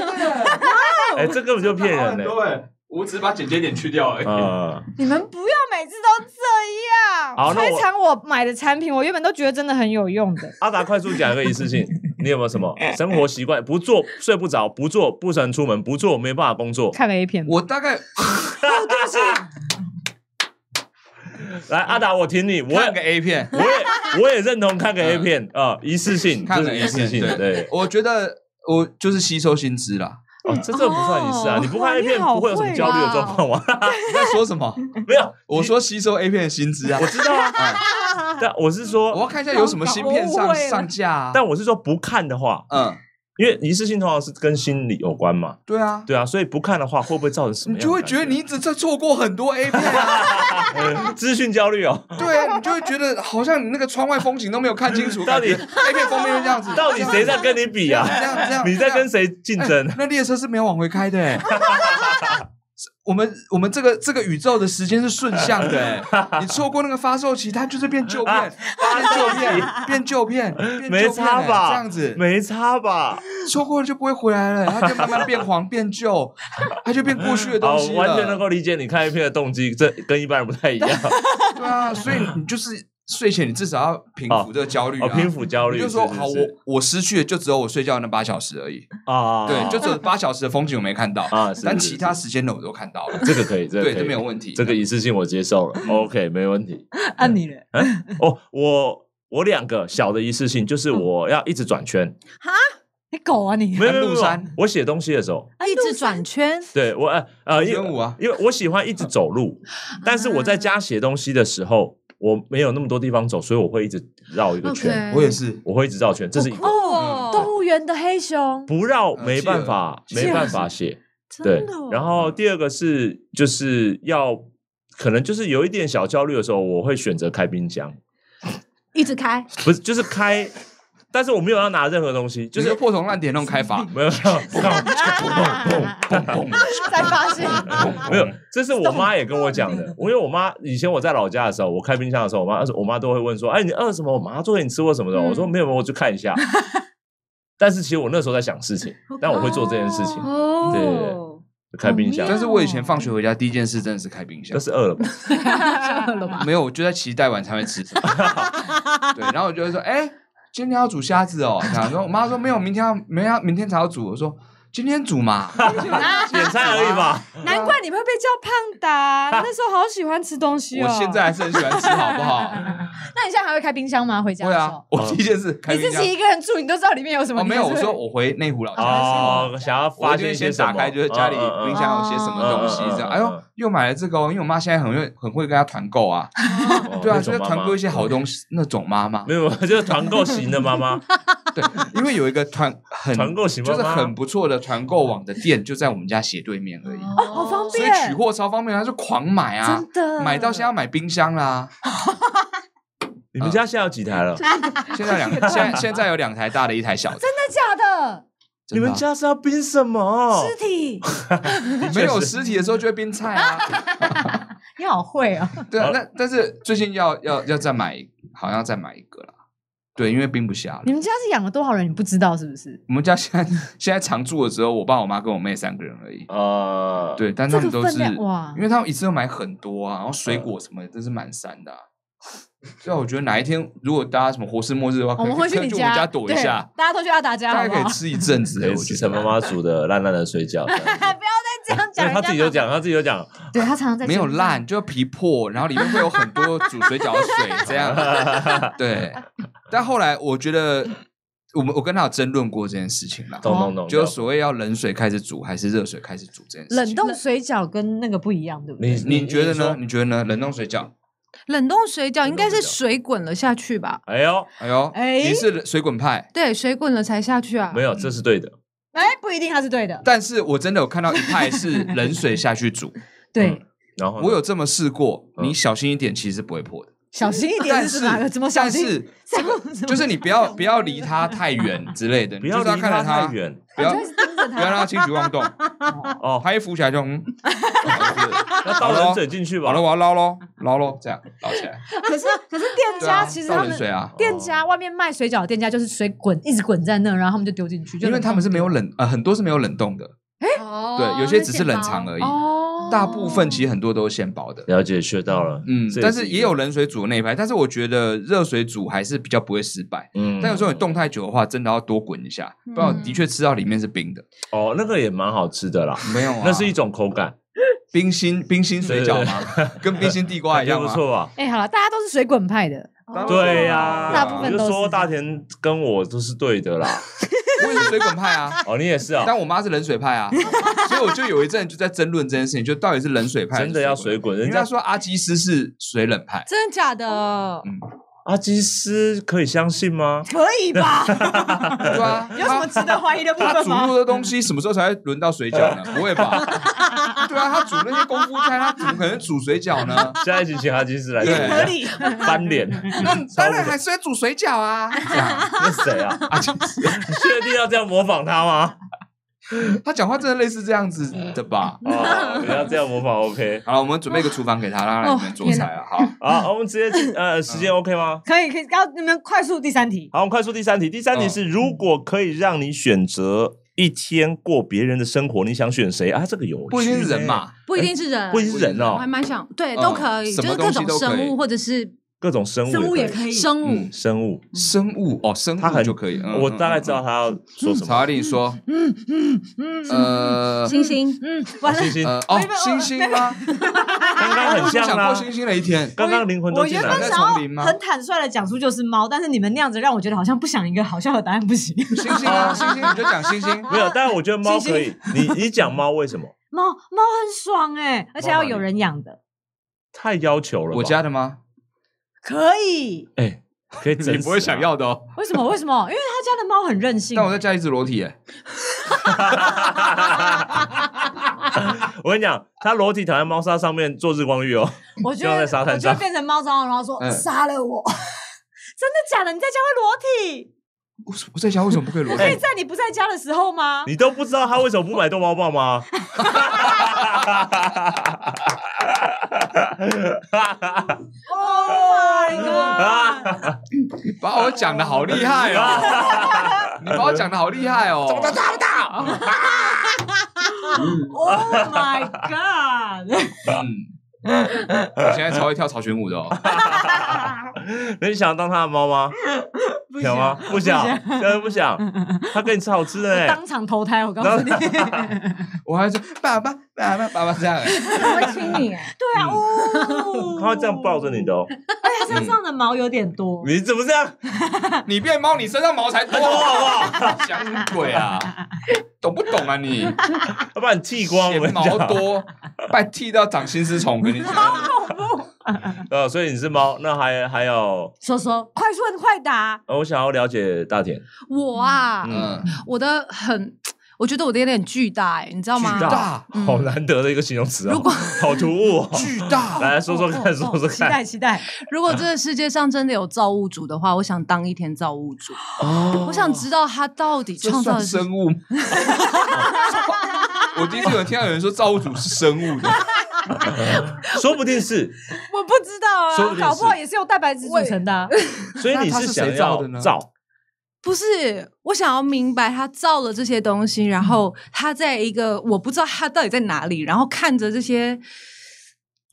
哎，這根、個、本就騙人！對、欸，我只是把剪接點去掉而已。已、啊。你們不要每次都自。好，那我開場我買的產品，我原本都覺得真的很有用的。 <laughs> 阿達快速講一個儀式性。 <laughs> 你有沒有什麼生活習慣？不做睡不着，不做不想出門，不做沒有辦法工作。看個 A 片，我大概， <laughs> 哦、 <laughs> 來阿達，我挺你我。看個 A 片， <laughs> 我也我也認同看個 A 片啊，儀式性就是儀式性，對、對、對、對，我覺得我就是吸收新知啦。哦，嗯、這這不算隱私啊、哦！你不看 A 片不會有什麼焦慮的狀況嗎？你、啊、 <laughs> 你在說什麼？ <laughs> 沒有，我說吸收 A 片的薪資啊，我知道啊、 <laughs> 嗯。但我是說，我要看一下有什麼新片上、啊、上架、啊。但我是說，不看的話，嗯。因為儀式性通常是跟心理有關嘛，對啊，對啊，所以不看的話會不會造成什麼？你就會覺得你一直在錯過很多 A 片啊、 <laughs> 嗯，資訊焦慮哦。對啊，你就會覺得好像你那個窗外風景都沒有看清楚，到底 A 片封面是這樣子，到底誰在跟你比啊？你在跟誰競爭、哎？那列車是沒有往回開的、欸。 <laughs> 我們我們這個這個宇宙的時間是順向的、欸，你錯過那個發售期，它就是變舊片、啊，變舊片，變舊片、欸，沒差吧？這樣子，沒差吧？錯過了就不會回來了，它就慢慢變黃變舊， <laughs> 它就變過去的東西了，我完全能夠理解你看影片的動機，這跟一般人不太一樣。對啊，所以你就是。 <laughs> 睡前你至少要平復這個焦慮啊，啊，平、啊、復焦慮。就就說是是是好，我我失去了就只有我睡覺那八小時而已啊，啊，啊啊啊啊啊、對，就只有八小時的風景我沒看到啊，啊，是是是，但其他時間的我都看到了，是是是這。這個可以，對，這沒有問題。這個儀式性，我接受了，OK，沒問題。按、啊、你、嗯啊、哦，我我兩個小的儀式性，就是我要一直轉圈啊，你狗啊你？沒有沒有，路上，我寫東西的時候啊，一直轉圈。對我呃呃，因為啊，因為我喜歡一直走路，啊、但是我在家寫東西的時候。我沒有那麼多地方走，所以我會一直繞一個圈。Okay. 我也是，我會一直繞圈。這是哦，動物園的黑熊，不繞沒辦法，uh, 沒辦法寫。Yes. 對、哦，然後第二個是就是要，可能就是有一點小焦慮的時候，我會選擇開冰箱，一直開，不是就是開。 <laughs> 但是我沒有要拿任何東西，就是就破銅爛鐵弄開房沒有，沒有，沒 Kathryn 有，有中文 fasting，這是我媽也跟我講的。我因為我媽以前我在老家的時候，我開冰箱的時候，我媽我媽都會問說：“哎、欸，你餓什麼？我媽做給你吃過什麼的。”我說沒有：“沒有，我去看一下。” poles 但是其實我那時候在想事情，但我會做這件事情。哦 talk movement，對，開冰箱。但是我以前放學回家第一件事真的是開冰箱，就 <laughs> 是餓了， <laughs> 餓了嗎？demonstrations <laughs> 沒有，我就在期待晚餐會吃什麼。 <laughs> 對，然後我就會說：“哎。”今天要煮蝦子哦，然後我媽說沒有，明天要，明天要，明天才要煮，我說。今天煮嘛，點菜而已嘛。難怪、啊啊啊啊啊啊、你會被叫胖達、啊，那時候好喜歡吃東西哦。我現在還是很喜歡吃，好不好？ <laughs> 那你現在還會開冰箱嗎？回家的時候？對啊，我第一件事，開冰箱。你自己一個人住，你都知道裡面有什麼嗎？我、哦、沒有，我說我回內湖老家、哦我，想要發掘一些一打開，就是家裡冰箱有些、啊啊、什麼東西。這、啊、樣、啊啊，哎呦，又買了這個哦。因為我媽現在很會很，很會跟她團購啊、哦。對啊，媽媽就團購一些好東西。Okay. 那種媽媽 <laughs> 沒有，就是團購型的媽媽。對，因為有一個團，很團購型就是很不錯的。團購網的店就在我們家斜對面而已，哦，好方便。所以取貨超方便，他就狂買啊！真的，買到現在要買冰箱啦、啊 <laughs> 啊。你們家現在有幾台了？啊、現在兩，現在現在有兩台大的，一台小的。真的假的，的、啊？你們家是要冰什麼？屍體 <laughs> ？沒有屍體的時候就會冰菜啊！ <laughs> 你好會啊！ <laughs> 對啊，那但是最近要要要再買，好像要再買一個了。對，因為冰不下了。你們家是養了多少人？你不知道是不是？我們家現在現在常住的時候，我爸、我媽跟我妹三個人而已。啊、呃，對，但是他們都是、這個分量哇，因為他們一次要買很多啊，然後水果什麼的，嗯、都是滿山的、啊。對啊，我覺得哪一天如果大家什麼活死末日的話，我們會去我們家躲一下。大家都去阿達家好好，大家可以吃一陣子、子。我我去吃媽媽煮的爛爛的水餃。不要再這樣講，啊，他自己就講，啊啊，他自己就講。對、啊、他常常在沒有爛，就皮破，然後裡面會有很多煮水餃的水。這樣 <laughs> 對，但後來我覺得，我們我跟他有爭論過這件事情啦。懂懂懂，就所謂要冷水開始煮還是熱水開始煮這件事情？冷凍水餃跟那個不一樣，對不對？你你覺得呢？你覺得呢？冷凍水餃。冷凍水餃應該是水滾了下去吧？哎呦，哎呦，你是水滾派？對，水滾了才下去啊。沒有，這是對的。哎、嗯，欸，不一定他是對的。但是我真的有看到一派是冷水下去煮， <laughs> 對、嗯，然後我有這麼試過，你小心一點，其實不會破的。小心一點是吧？怎麼，但是麼，麼，麼，麼就是你不要不要離他太遠之類的，你 <laughs> 不要，他太你就是要看着他遠，啊，不要 <laughs> 不要讓他輕舉妄動 <laughs> 哦。哦，他一浮起來就嗯， <laughs> 哦、那倒冷水進去吧。好了，我要撈咯，撈咯，這樣撈起來。 <laughs> 可是可是店家、啊、其實他們、啊、店家外面賣水餃的店家就是水滾一直滾在那，然後他們就丟進去就，因為他們是沒有冷呃很多是沒有冷凍的。哎、欸哦，對，有些只是冷藏而已，哦、大部分其實很多都是現包的，了解，學到了，嗯是是，但是也有冷水煮的那一派，但是我覺得熱水煮還是比較不會失敗，嗯，但有時候你凍太久的話，真的要多滾一下，嗯、不然的確吃到裡面是冰的，嗯、哦，那個也蠻好吃的啦， <laughs> 沒有、啊，那是一種口感，冰心冰心水餃嘛，對對對，跟冰心地瓜一樣 <laughs> 不錯吧？哎、欸，好了，大家都是水滾派的，哦、對呀、啊啊，大部分都、啊啊、說大甜跟我都是對的啦。 <laughs> 我也是水滾派啊！哦，你也是啊！但我媽是冷水派啊， <laughs> 所以我就有一陣就在爭論這件事情，就到底是冷水派還是水滾，真的要水滾，人家說阿基斯是水冷派，真的假的？嗯。阿基師可以相信嗎？可以吧？ <laughs> 對啊，有什麼值得懷疑的部分嗎？他煮過的東西什麼時候才會輪到水餃呢？不會吧。 <laughs> 對啊，他煮那些功夫菜，他怎麼可能煮水餃呢？下一集請阿基師來對對。合理。翻臉？那翻臉、嗯、還是在煮水餃啊， <laughs> 啊？那誰啊？阿基師， <laughs> 你確定要這樣模仿他嗎？ <laughs> 他講話真的類似這樣子的吧？啊、uh, 不要、okay, <laughs> 這樣模仿 OK。 <laughs> 好，我們準備一個廚房給他，oh, 讓他來做菜啊。好， <laughs> 好、 <laughs> 哦，我們直接呃，時間 OK 嗎、嗯？可以，可以。要你們快速第三題？好，我們快速第三題。第三題是：嗯、如果可以讓你選擇一天過別人的生活，你想選誰啊？這個有趣不一定是人嘛、欸？不一定是人。不一定是人哦。我還蠻想對，嗯、都可以，什麼都可以，就是各種生物或者是。各種生物，生物也可以，生物、嗯生物、生物嗯，生物，生物，哦，生物就可以。嗯嗯嗯嗯，我大概知道他要說什麼。曹、嗯、立、嗯嗯嗯嗯嗯嗯嗯、說，嗯嗯、嗯嗯，呃，星星，嗯，呃、嗯星星，哦，星星嗎？剛剛很像啊。過星星的一天，剛剛靈魂都在叢林嗎？很坦率的講出就是貓、嗯就是，但是你們那樣子讓我覺得好像不想一個好笑的答案不行。星星啊，星星，你就講星星，沒有。但是我覺得貓可以。你你講貓為什麼？貓貓很爽哎，而且要有人養的。太要求了，我家的嗎？可以，哎、欸，可以，你不會想要的哦。為什麼？為什麼？因為他家的貓很任性啊。但我在家一直裸體，哎 <laughs> <laughs> 我跟你講，他裸體躺在貓砂上面做日光浴哦。我就要在沙灘上，我就變成貓砂，然後說殺、欸、了我。 <laughs> 真的假的？你在家會裸體？我我在家為什麼不可以裸體？我可以在你不在家的時候嗎？欸，你都不知道他為什麼不買逗貓棒嗎？ <laughs> <laughs> 哈、oh，哈，哈，哈哈哈哈哈哈哈哈把我講的好厲害哦， <laughs> 你把我講的好厲害哦，怎麼都抓不到，哈，哈，哈，哈，Oh my God！嗯， <laughs> 我現在超會跳草裙舞的，哈哈，那你想要當他的貓嗎？不想嗎？不想，真的不想，不想，不想嗯嗯。他給你吃好吃的，當場投胎，我告訴你。 <laughs> 我還說，爸爸。啊、那爸爸這樣哎、欸，他會親你哎、啊， <laughs> 對啊、哦嗯，他會這樣抱着你的哦。哎 <laughs> 呀、嗯， <laughs> 身上的毛有點多。你怎麼這樣？ <laughs> 你變貓，你身上毛才多好不好？想、 <laughs> 哦、鬼啊， <laughs> 懂不懂啊你？ <laughs> 要把你剃光，毛多，把 <laughs> 剃到長心思蟲 <laughs> 給你覺。好恐怖。呃，所以你是貓，那還還有說說，快問快答、呃。我想要了解大甜。我啊，嗯，嗯我的很。我覺得我的有點巨大。欸，你知道嗎？巨大，嗯，好難得的一個形容詞啊、哦！如果好突兀、哦，巨大，來，來說說看，說說看，期待期待。如果這個世界上真的有造物主的話， <laughs> 我想當一天造物主、哦、我想知道他到底創造生物。 <laughs> <laughs> <laughs> 我第一次有聽到有人說造物主是生物的， <laughs> 說不定是，我，我不知道啊，不搞不好也是由蛋白質組成的、啊。所以你是想要造？ <laughs> 不是，我想要明白他造了這些東西、嗯，然後他在一個我不知道他到底在哪裡，然後看着這些，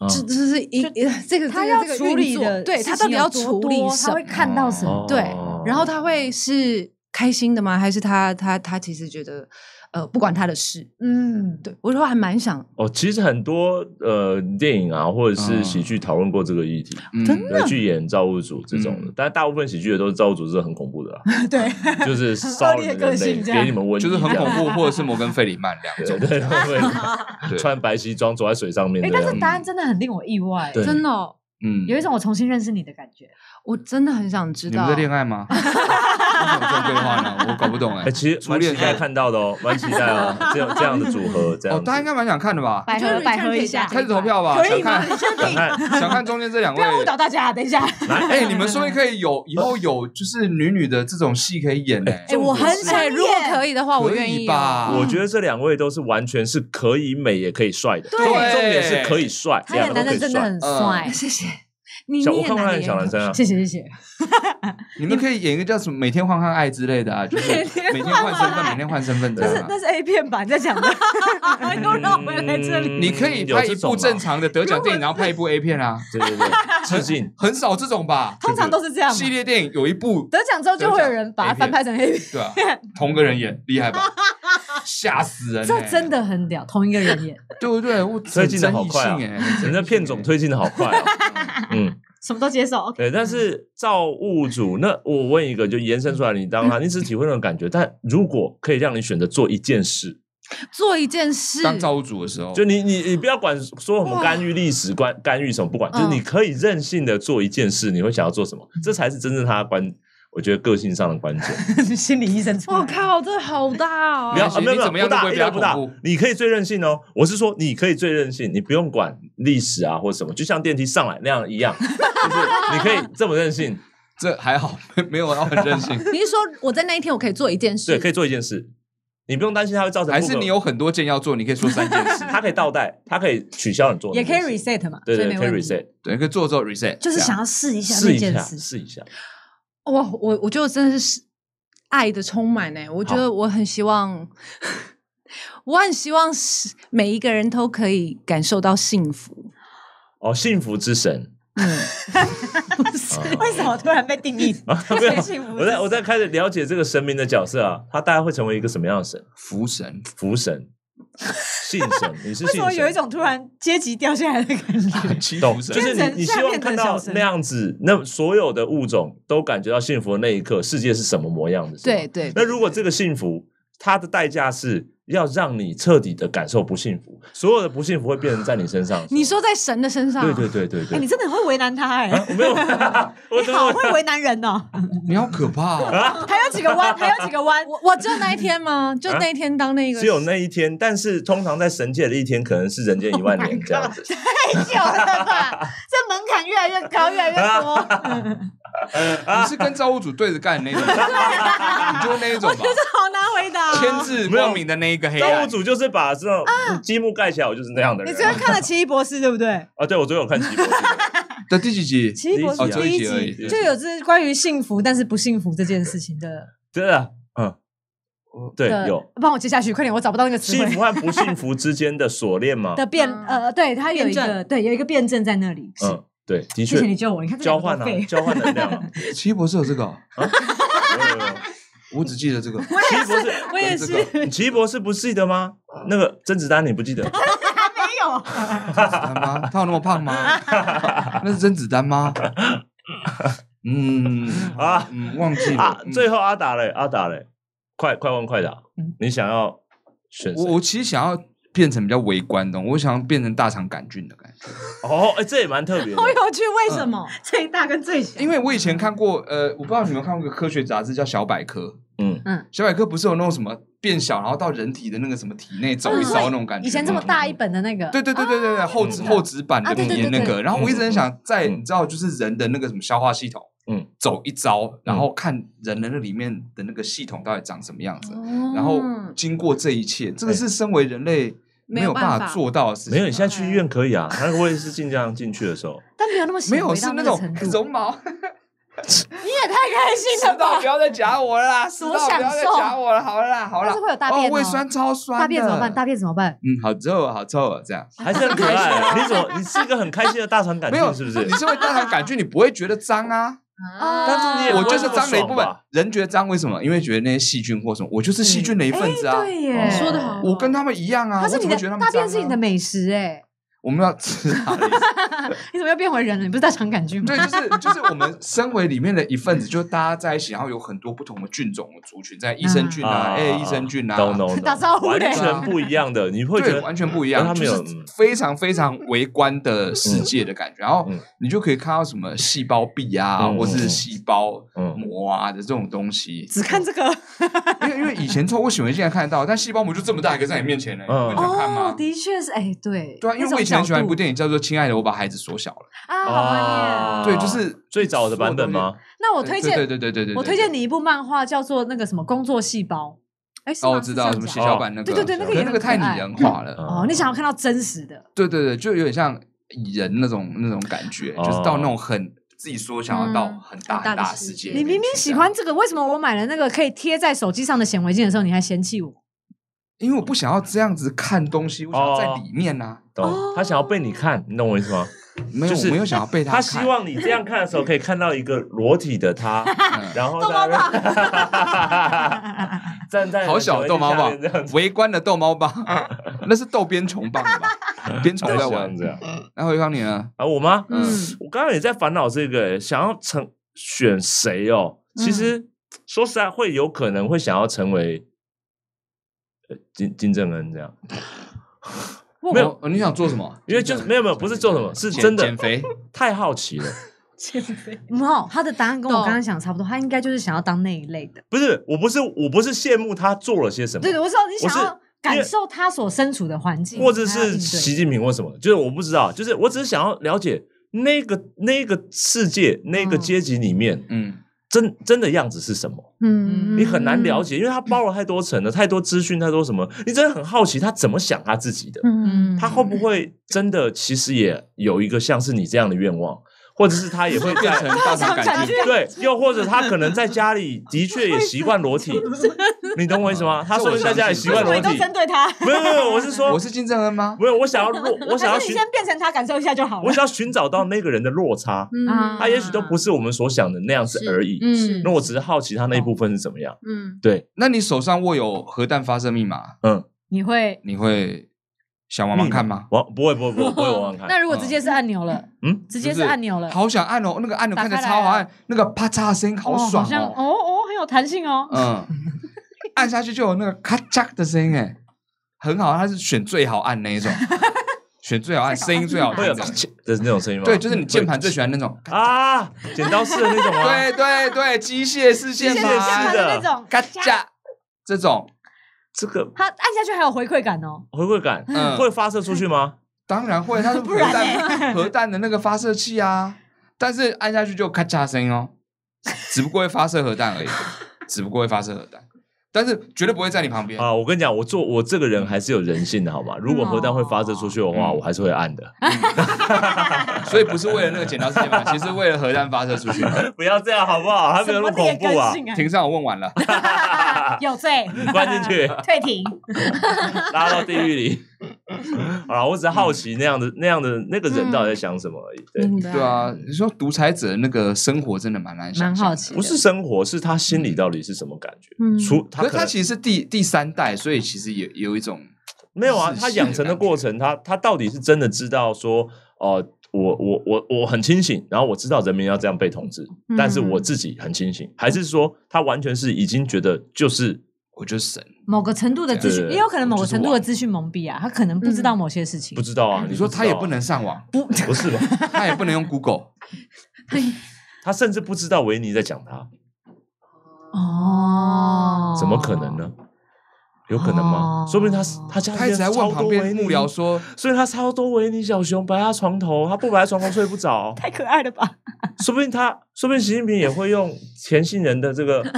哦、這這是一這個他要處理的，對他到底要處理什麼？他會看到什麼、哦？對，然後他會是開心的嗎？還是他他他其實覺得？呃，不管他的事，嗯，對我說還蠻想哦。其實很多呃電影啊，或者是喜劇討論過這個議題，哦嗯、真的去演造物主這種的，嗯、但是大部分喜劇的都是造物主是很恐怖的，啊， <laughs> 對，就是燒人的給你們問 <laughs> 就是很恐怖，或者是摩根弗里曼兩個人，啊啊啊啊。對，對，對， <laughs> 對穿白西裝走在水上面。哎，欸，但是答案真的很令我意外，嗯，真的，哦，嗯，有一種我重新認識你的感覺，我真的很想知道你們在戀愛嗎？ <laughs> 這種對話呢，我搞不懂哎。其實，蠻應該看到的哦，蠻 <laughs> 期待哦這樣 <laughs> 這樣的組合這樣。 <laughs> 哦，大家應該蠻想看的吧？百合一下，開始投票吧。可以，想看， <laughs> 想、看 <laughs> 想看中間這兩位。不要誤導大家，等一下。 <laughs> 來，哎、欸，你們說也可以有， <laughs> 以後有就是女女的這種戲可以演呢、欸。哎、欸欸，我很想，如果可以的話我願意，我願意。吧？我覺得這兩位都是完全是可以美也可以帥的。對，重點是可以帥。他那個男的真的很帥、嗯。謝謝。你小你我換換愛小男生啊！謝謝謝謝， <laughs> 你們可以演一個叫什麼“每天換換愛”之類的啊，就是每天換身份， <laughs> 每天換身份的。 <laughs> 但是，那、啊、是 A 片吧？你在講的，歡 <laughs> <laughs> 來這裡、嗯。你可以拍一部正常的得獎電影，然後拍一部 A 片啊，對對對，致敬，很少這種吧， <laughs> 通常都是這樣。系列電影有一部得獎之後，就會有人把它翻拍成 A 片，A 片對啊，同個人演， <laughs> 厲害吧？ <laughs> 嚇死人、欸！這真的很屌，同一個人演， <laughs> 對不對、欸？推進的好快、啊，哎，整個片種推進的好快、啊， <laughs> 嗯，什麼都接受。對、嗯嗯，但是造物主，那我問一個，就延伸出來，你當他，你只體會那種感覺、嗯。但如果可以讓你選擇做一件事，做一件事，當造物主的時候，就你你你不要管說什麼干預歷史、干干預什麼，不管，就是你可以任性的做一件事，你會想要做什麼？嗯、這才是真正他的觀。我覺得個性上的關鍵， <laughs> 心理醫生，我靠，這好大哦、啊！不沒、啊、沒，沒有，沒有，不大，不大，不大。你可以最任性哦，我是說，你可以最任性，你不用管歷史啊或者什麼，就像電梯上來那樣一樣，就是你可以這麼任性， <laughs> 這還好，沒有啊，很任性。 <laughs> 你是說我在那一天我可以做一件事？對，可以做一件事，你不用擔心它會造成，還是你有很多件要做，你可以說三件事，它 <laughs> 可以倒帶，它可以取消你做，也可以 reset 嘛，對對，可以 reset，對，可以做做 reset，就是想要試一下那件事，試一下，試一下。哇，我我就真的是愛的充滿呢。我覺得我很希望， <laughs> 我很希望是每一個人都可以感受到幸福。哦，幸福之神，嗯、 <laughs> 啊，為什麼突然被定義 <laughs> 啊、沒 <laughs> 我在我在開始了解這個神明的角色啊，他大概會成為一個什麼樣的神？福神，福神。 <laughs> 信神，你是 <laughs> 為什麼有一種突然階級掉下來的感覺？ <laughs> 啊、懂，就是你，你希望看到那樣子，那所有的物種都感覺到幸福的那一刻，世界是什麼模樣的？對對，對，對，對對。那如果這個幸福，它的代價是？要讓你徹底的感受不幸福，所有的不幸福會變成在你身上、啊。你說在神的身上？對對對對，對、哦、你真的會為難他哎。我、啊、沒有。 <laughs> 你好會為難人呢、哦。你好可怕哦、啊啊。還有幾個彎？還有幾個彎？啊、我我只有那一天嗎？就那一天當那個、啊？只有那一天，但是通常在神界的一天，可能是人間一萬年、oh、God, 這樣子。太久了吧， <laughs> 這門檻越來越高，越來越多。啊 <laughs> 呃、啊，你是跟造物主對着幹的那種， <laughs> 對啊、你就是那一種吧。我覺得是好難回答、哦。簽字不要名的那一個黑，造物主就是把這種、啊、積木蓋起來，我就是那樣的人。你昨天看了《奇異博士》對不對？啊，對，我昨天有看《奇異博士。》 <laughs> 在第幾集？奇異博士第一集就有這關於幸福但是不幸福這件事情的。對啊，嗯，對，有。幫我接下去，快點，我找不到那個詞。幸福和不幸福之間的鎖鏈嗎？ <laughs> 的辯呃，對，它有一個對有一個辯證在那裡。嗯。對，的確，謝謝你救我，你看交換了，交換、啊、能量了、啊。奇異博士有這個啊？啊 <laughs> <laughs> 我只記得這個。奇異博士，我也是。奇異博士不記得嗎？ <laughs> 那個甄子丹你不記得？甄 <laughs> 沒有？甄 <laughs> 子丹嗎？他有那麼胖嗎？ <laughs> 那是甄子丹嗎？ <laughs> 嗯啊、 <laughs> 嗯嗯，忘記了。啊啊嗯、最後阿達嘞，阿達嘞，快快問快答，嗯、你想要選？我我其實想要。變成比較微觀的，我想要變成大腸桿菌的感覺。 <laughs> 哦，哎、欸，這也蠻特別。好有趣，為什麼、嗯、最大跟最小？因為我以前看過，呃，我不知道你們有沒有看過一個科學雜誌叫《小百科》嗯。嗯嗯，小百科不是有那種什麼變小，然後到人體的那個什麼體內走一走那種感覺、嗯？以前這麼大一本的那個。對、嗯、對對對對對，厚紙厚紙板的裡面那個。啊、對對對對，然後我一直很想在你知道，就是人的那個什麼消化系統。嗯嗯嗯、走一遭，然後看人類那裡面的那個系統到底長什麼樣子、嗯，然後經過這一切，這個是身為人類沒有辦法做到的事情。沒有，你現在去醫院可以啊。但 <laughs> 是我也是進這樣進去的時候，但沒有那麼那沒有是那種絨毛。 <laughs> 你也太開心了吧，知不要再夾我了啦，我不要再夾我了，好了啦，好了。但會有大便、哦哦，胃酸超酸的，大便怎麼辦大便怎麼辦？嗯，好臭、哦，好臭啊、哦！這樣還是很可愛的、啊。 <laughs> 你怎麼？你是一個很開心的大腸桿菌，有？ <laughs> 是不是？ <laughs> 你是會大腸桿菌，你不會覺得髒啊？啊！但是我就是髒的一部分，人覺得髒，為什麼？因為覺得那些細菌，或什麼，我就是細菌的一份子啊！嗯、對耶，哦、說得好，我跟他們一樣啊！他是你的怎麼覺得他們髒，啊，大便是你的美食哎、欸。 <laughs> 我們要吃它。 <laughs> 你怎麼又變回人了？你不是大腸桿菌嗎？ <laughs> 對，就是就是我們身為裡面的一份子，就是、大家在一起，然後有很多不同的菌種的族群，在益生菌啊，哎、啊，益、欸啊欸、生菌啊，打招呼，no, no, no, 完全不一樣的， <laughs> 你會覺得對完全不一樣，們有、就是、非常非常微觀的世界的感覺。嗯、然後你就可以看到什麼細胞壁啊，嗯、或是細胞膜啊,、嗯胞膜啊嗯、的這種東西。只看這個？因為 <laughs> 因為以前透過顯微鏡現在看得到，但細胞膜就這麼大一個在你面前嘞，會、嗯、想看嗎？哦，的確是，哎、欸，對，對啊，因為。很喜歡一部電影叫做《親愛的，我把孩子縮小了》啊，好懷念啊、哦，對，就是最早的版本嗎？那我推薦，對對對對對，對，我推薦你一部漫畫叫做那個什麼《工作細胞》欸。哎，哦，我知道什麼血小板那個，對對對，那個那個太擬人化了哦、嗯，你想要看到真實的？對對對，就有點像蟻人那種那種感覺，就是到那種很自己說想要到很大很大、嗯、很大的世界。你明明喜歡這個這，為什麼我買了那個可以貼在手機上的顯微鏡的時候，你還嫌棄我？因為我不想要這樣子看東西，我想要在裡面吶、啊哦。他想要被你看，你懂我意思嗎？ <laughs> 就是沒有，我沒有想要被他看。他希望你這樣看的時候，可以看到一個裸體的他， <laughs> 嗯、然後在 <laughs> <laughs> 站在好小的逗貓棒，微觀的逗貓棒， <laughs> <laughs> 那是逗鞭蟲棒的吧？鞭蟲在玩這樣。那廷芳你啊？我嗎、嗯。我剛剛也在煩惱這個、欸，想要成選誰哦？嗯、其實說實在，會有可能會想要成為。金金正恩這樣，沒有、哦，你想做什麼？因為就是沒有沒有，不是做什麼，是真的減肥、哦，太好奇了。減 <laughs> 肥。沒有，他的答案，跟我剛剛想的差不多。哦、他應該就是想要當那一類的。不是，我不是，我不是羨慕他做了些什麼。對，我知道你想要感受他所身處的環境，或者是習近平或什麼，就是我不知道，就是我只是想要了解那個那個世界、嗯、那個階級裡面，嗯。真真的樣子是什麼？嗯，你很難了解，嗯，因為他包了太多層了，太多資訊，太多什麼，你真的很好奇他怎麼想他自己的。嗯，他會不會真的其實也有一個像是你這樣的願望？或者是他也會變成大大感激，對，又或者他可能在家裡的確也習慣裸體， <laughs> 你懂我意思嗎？啊、他說在家也習慣裸體，對 <laughs> 不是不是，不是，我是說我是金正恩嗎？不是，我想要我，我想要尋，還是你先變成他感受一下就好了。我想要尋找到那個人的落差，嗯，啊、他也許都不是我們所想的那樣子而已。嗯，那我只是好奇他那一部分是怎麼樣。嗯，對，那你手上握有核彈發射密碼？嗯，你會你會。想玩玩看嗎？嗯、我不會，不會，不會，不會玩玩看。那如果直接是按鈕了，嗯，直接是按鈕了，好想按哦。那個按鈕看起來超好按，那個啪嚓聲音好爽哦。哦好像哦，哦，很有彈性哦。嗯， <laughs> 按下去就有那個咔嚓的聲音誒，很好，它是選最好按那一種，選 <laughs> 最好按，聲音最好聽。那種，那種聲音嗎？ <laughs> 對，就是你鍵盤最喜歡那種啊，剪刀式的那種嗎？ <laughs> 對對對，機械式鍵盤，機械式的那種咔嚓，這種。這個它按下去還有回饋感哦，回饋感，嗯，會發射出去嗎？當然會，它是核彈， <laughs> 不然呢？核彈的那個發射器啊。但是按下去就咔嚓聲音哦，只不過會發射核彈而已， <laughs> 只不過會發射核彈。但是絕對不會在你旁邊啊！我跟你講，我做我這個人還是有人性的，好吧？如果核彈會發射出去的話，嗯、我還是會按的。嗯、 <laughs> 所以不是為了那個剪刀事件嘛？ <laughs> 其實為了核彈發射出去。 <laughs> 不要這樣好不好？還沒有那麼恐怖麼啊！庭上我問完了， <laughs> 有罪，關進去。 <laughs> 退庭， <laughs> 拉到地獄裡。 <laughs> 我只是好奇那樣的、嗯、那樣的那個人到底在想什麼而已。對對啊，你說獨裁者那個生活真的蠻難想像的，蠻好奇。不是生活，是他心裡到底是什麼感覺？嗯，除他可能他其實是第第三代，所以其實也有一種沒有啊？他養成的過程，他他到底是真的知道說，哦、呃，我我我我很清醒，然後我知道人民要這樣被統治、嗯，但是我自己很清醒，還是說他完全是已經覺得就是我就是神？某個程度的資訊，也有可能某個程度的資訊蒙蔽啊，就是、他可能不知道某些事情。嗯、不知啊、不知道啊，你說他也不能上網，不不是吧？ <laughs> 他也不能用 Google， <laughs> 他甚至不知道維尼在講他。哦，怎麼可能呢？有可能嗎？哦、說不定他是他家裡人超多維尼，幕僚說所以他超多維尼小熊擺他床頭，他不擺床頭睡不着，太可愛了吧？說不定他，說不定習近平也會用前新人的這個。 <laughs> 這個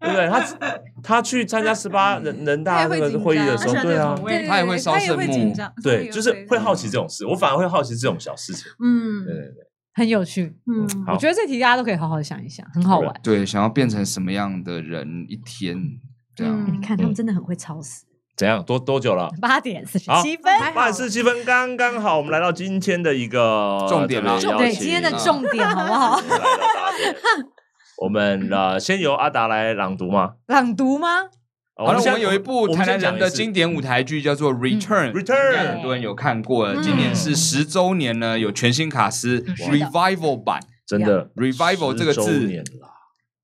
對不對？他他去參加十八人人大那個會議的時候，對啊對對對對，他也會燒聖木會對會，對，就是會好奇這種事。嗯、我反而會好奇這種小事情，嗯，對對對，很有趣。嗯，我覺得這題大家都可以好好想一想，嗯、很好玩，好。對，想要變成什麼樣的人一天？對、嗯嗯，你看他們真的很會超時、嗯。怎樣？多多久了？八點四十七分，八點四十七分剛剛好。 <laughs> 我們來到今天的一個重點了、呃、對，對，今天的重點好不好？八點。我們呃，先由阿達來朗讀嗎？朗讀嗎？好了，我們有一部台南人的經典舞台劇叫做《Return》，《Return》。很多人有看過了，嗯，今年是十周年了，有全新卡司，嗯嗯、Revival 版。真的，yeah.，Revival 這個字，十周年了，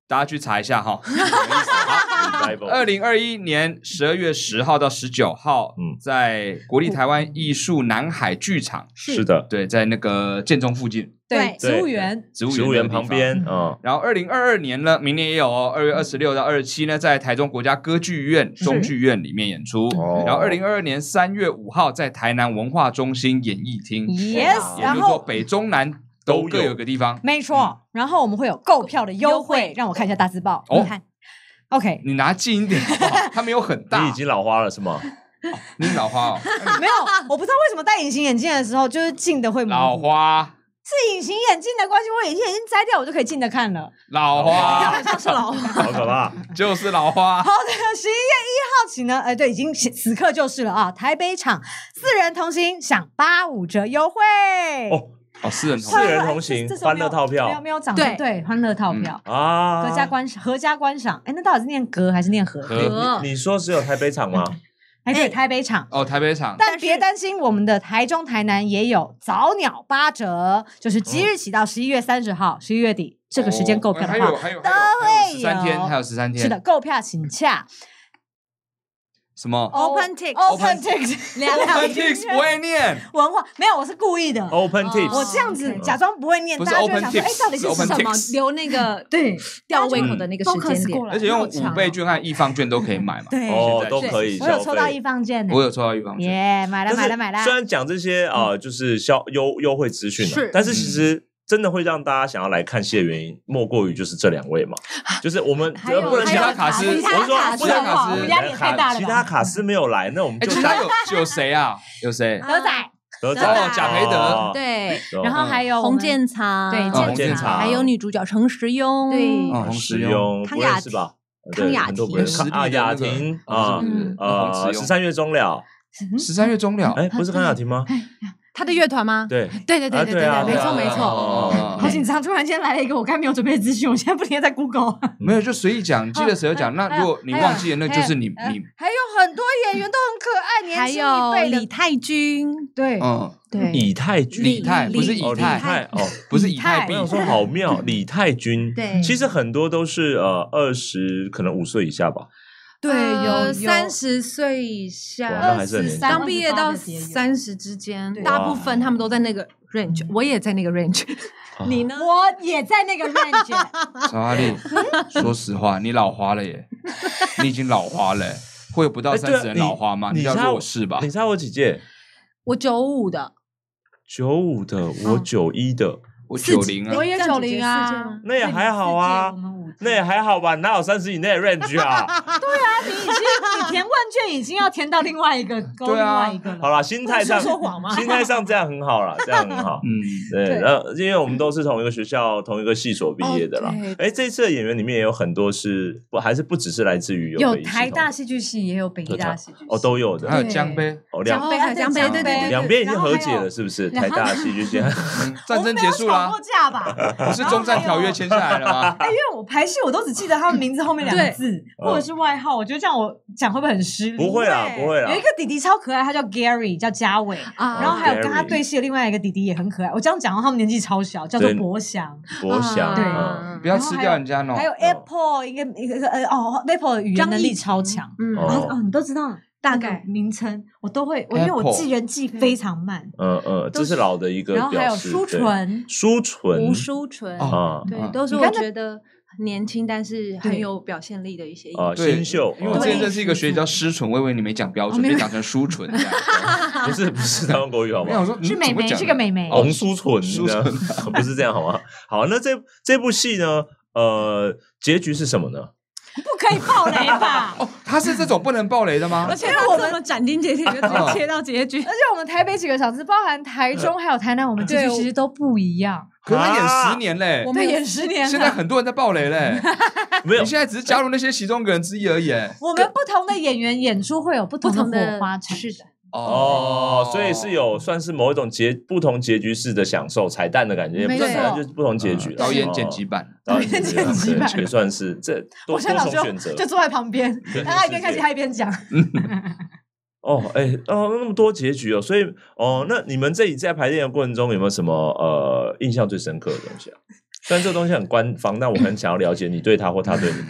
大家去查一下哈。二零二一年十二月十號到十九號，嗯，在國立台灣藝術南海劇場。是的，對，在那個建中附近。對，對，對植物園，植物園，植物園旁邊。嗯，然後二零二二年呢，明年也有哦。二月二十六到二十七呢，在台中國家歌劇院、中劇院裡面演出。嗯、然後二零二二年三月五號在台南文化中心演藝廳。Yes，、嗯、然後北中南都各有個地方。沒錯、嗯。然後我們會有購票的優惠，優惠讓我看一下大字報。哦、你看，OK，你拿近一點好不好，哦、 <laughs> 它沒有很大，你已經老花了是嗎？哦、你老花哦、 <laughs> 嗯？沒有，我不知道為什麼戴隱形眼鏡的時候就是近的會的老花。是隱形眼鏡的關係，我隱形眼鏡摘掉，我就可以近的看了。老花，好像是老花，就是老花。好的，十一月一號起呢，哎，對，已經此刻就是了啊。台北場四人同行享八五折優惠。哦、哦，四人四人、同行，四人同行這、這歡樂套票沒有沒有漲。對、對，歡樂套票、嗯、合家觀啊，合家觀賞合家觀賞。哎，那到底是念“格”還是念“何”？你，你說只有台北場嗎？嗯欸、台北場哦，台北場，但別擔心，我們的台中、台南也有早鳥八折，是就是即日起到十一月三十號，十一月底、哦、這個時間購票，的話、哎、都會有三天，還有十三天，是的，購票請洽。 <laughs> 什麼？OPENTIX，OPENTIX，不會念。 <laughs> 文化沒有，我是故意的。OPENTIX，我這樣子假裝不會念，不是 Tix, 大家就想說 Tix,、欸、Tix, 到底是什麼？Tix、留那個對吊胃口的那個時間點、嗯。而且用五倍券和一方券都可以買嘛， <laughs> 對，哦都可以。我有抽到一方券的、啊，我有抽到一方券，耶、yeah,！買了買了買了。雖然講這些、嗯、呃，就是消優優惠資訊，但是其實。嗯真的會讓大家想要來看戲的原因，莫過於就是這兩位嘛、啊，就是我們，不有其他卡司我是說不他卡司，其他卡司沒有來，那我們就、欸、其他有就有誰啊？有誰？德仔，德仔，賈培德、哦德哦，對，然後還有洪建藏對，洪建長，還有女主角程時雍，對，程、啊、時雍，康雅婷是吧？康雅婷，康雅婷啊，啊，十三月終了，十三月終了，哎，不是康雅婷嗎？他的樂團嗎？對，對對對對、啊、對、啊，沒錯對、啊、沒錯，啊、沒錯，好緊張，突然間來了一個我剛剛沒有準備的資訊，我現在不停地在 Google、嗯。沒有，就隨意講，記得時候講、哦。那如果你忘記了、啊，那就是你你、啊。還有很多演員都很可愛，還有你年輕一輩的還有李泰君、嗯，對，嗯，對，李泰君，李泰不是以太李泰哦，不是以太 <laughs> 李泰，不要說好妙，李泰君，對，其實很多都是呃二十可能五歲以下吧。對，有三十歲以下，二十剛畢業到三十之間，大部分他們都在那個 range，、嗯、我也在那個 range，、啊、你呢？我也在那個 range <laughs> 欸。小阿麗，說實話，你老花了耶， <laughs> 你已經老花了耶， <laughs> 會有不到三十人老花嗎？欸、你差我幾吧你我。你猜我幾屆？我九五的，九五的，我九一的，啊、我九零、啊，我也九零啊，那也還好啊。那也還好吧，哪有三十以內的 range 啊？ <laughs> 對啊，你已經你填問卷已經要填到另外一個、啊、另外一個對啊，好啦，心態上說說嗎，心態上這樣很好了， <laughs> 這樣很好。嗯對，對。然後，因為我們都是同一個學校 <laughs> 同一個系所畢業的啦。哎、okay 欸，這次的演員裡面也有很多是不還是不只是來自於有，有台大戲劇系， <laughs> 也有北藝大戲劇系哦，都有的。還有江杯哦，兩杯還有江杯，對對對，兩邊已經和解了，是不是？台大戲劇系戰爭結束啦、啊？架吧？不 <laughs> 是終戰條約簽下來了嗎？哎，因為我拍。其實我都只記得他的名字後面兩個字，或者是外號、嗯。我覺得這樣我講會不會很失禮？不會啊，不會啊。有一個弟弟超可愛，他叫 Gary，叫嘉偉、啊。然後還有跟他對戲的另外一個弟弟也很可愛。我這樣講的他們年紀超小，叫做博祥。博祥，嗯、對、嗯嗯，不要吃掉人家哦、嗯。還有 Apple，一個一個，一個哦 Apple 語言能力超強。嗯，然、嗯、哦，哦你都知道 okay，大概名稱，我都會，Apple，因為我記人記非常慢。嗯嗯，這是老的一個表。然後還有舒淳，舒淳，吳舒淳啊，對，都是我覺得。年輕，但是很有表現力的一些音樂，啊，新、呃、秀、嗯，因為我之前認識一個學姐叫失唇，我以為你沒講標準，被、哦、講成書唇、嗯， <laughs> 不是不是台灣國語，好不好？是妹妹你是美眉，是個美眉，紅書唇、哦、 <laughs> 不是這樣，好嗎？好，那這這部戲呢？呃，結局是什麼呢？可以爆雷吧、 <laughs> 哦？他是這種不能爆雷的嗎？而且讓我們斬釘截鐵，就直接切到結局 <laughs> 。 <laughs> 而且我們台北幾個小時包含台中還有台南，我們結局其實都不一樣。可是演十年嘞，我們演十年，現在很多人在爆雷嘞。沒有，你現在只是加入那些其中一個人之一而已。 <laughs> 我們不同的演員演出會有不同的火花，的是的。哦、oh, oh，所以是有算是某一種結不同結局式的享受彩蛋的感覺，也不算彩蛋，就是不同結局，嗯、導演剪輯版，導演剪輯版，也算是這。 <laughs> 多我現在老就選擇就，就坐在旁邊，大家一他一邊看戲，他一邊講。哦，哎、欸，哦，那麼多結局哦，所以，哦，那你們這裡在排練的過程中有沒有什麼呃印象最深刻的東西啊？雖然這個東西很官方，但 <laughs> 我很想要了解你對他或他對你們，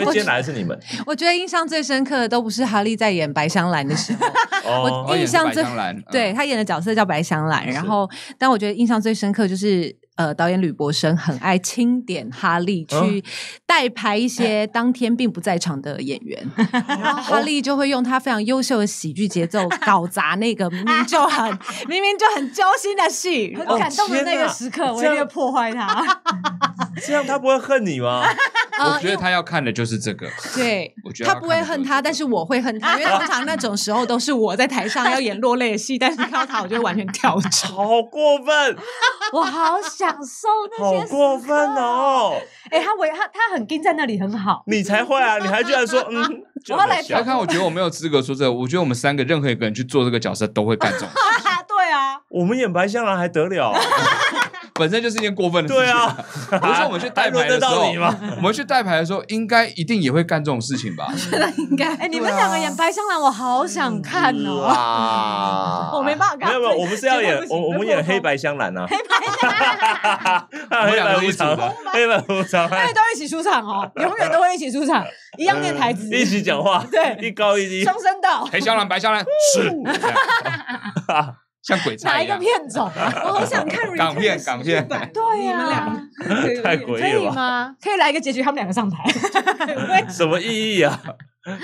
因為今天來的是你們我。我覺得印象最深刻的都不是哈利在演白香蘭的時候，哦、 <laughs> 我印象最、哦、對他演的角色叫白香蘭，然後但我覺得印象最深刻就是。呃，導演呂博生很愛欽點哈利去代排一些當天並不在場的演員，哦、然後哈利就會用他非常優秀的喜劇節奏搞砸那個明明就很明明就很揪心的戲，很感動的那個時刻，哦啊、我有點破壞他。這樣他不會恨你嗎、嗯？我覺得他要看的就是這個。對，我覺得、這個、他不會恨他，但是我會恨他，因為通常那種時候都是我在台上要演落淚的戲，但是看到他，我就完全跳槽，好過分。我好享受那些。好過分哦！哎、欸，他我他他，他很跟在那裡，很好。你才壞啊！你還居然說嗯？我要來看，我覺得我沒有資格說這個。我覺得我們三個 <laughs> 任何一個人去做這個角色都會幹這種事。 <laughs> 對啊，我們演白香蘭還得了？ <laughs> <laughs> 本身就是一件過分的事情對、啊。對啊，我說我們去帶牌的時候，我們去帶牌的時候，應該一定也會幹這種事情吧？我覺得應該。哎、欸啊，你們兩個演白香蘭，我好想看哦、嗯。哇，我沒辦法看。沒有沒有，我們是要演我，我們演黑白香蘭呢、啊。黑白香蘭，香 <laughs> <laughs> 黑白無常，黑白無常、啊，對， <laughs> 都一起出場哦，永遠都會一起出場， <laughs> 一樣念台詞、嗯，一起講話，對，一高一低，雙聲道，黑香蘭，白香蘭， <laughs> 是。 <laughs> <laughs> 一哪一個片種？ <laughs> <laughs> <laughs> 我好想看 retails, 港片，港片。對呀 <laughs> 太詭異了，可以嗎？可以來一個結局，他們兩個上台， <laughs> <laughs> <laughs> 什麼意義啊？ <laughs>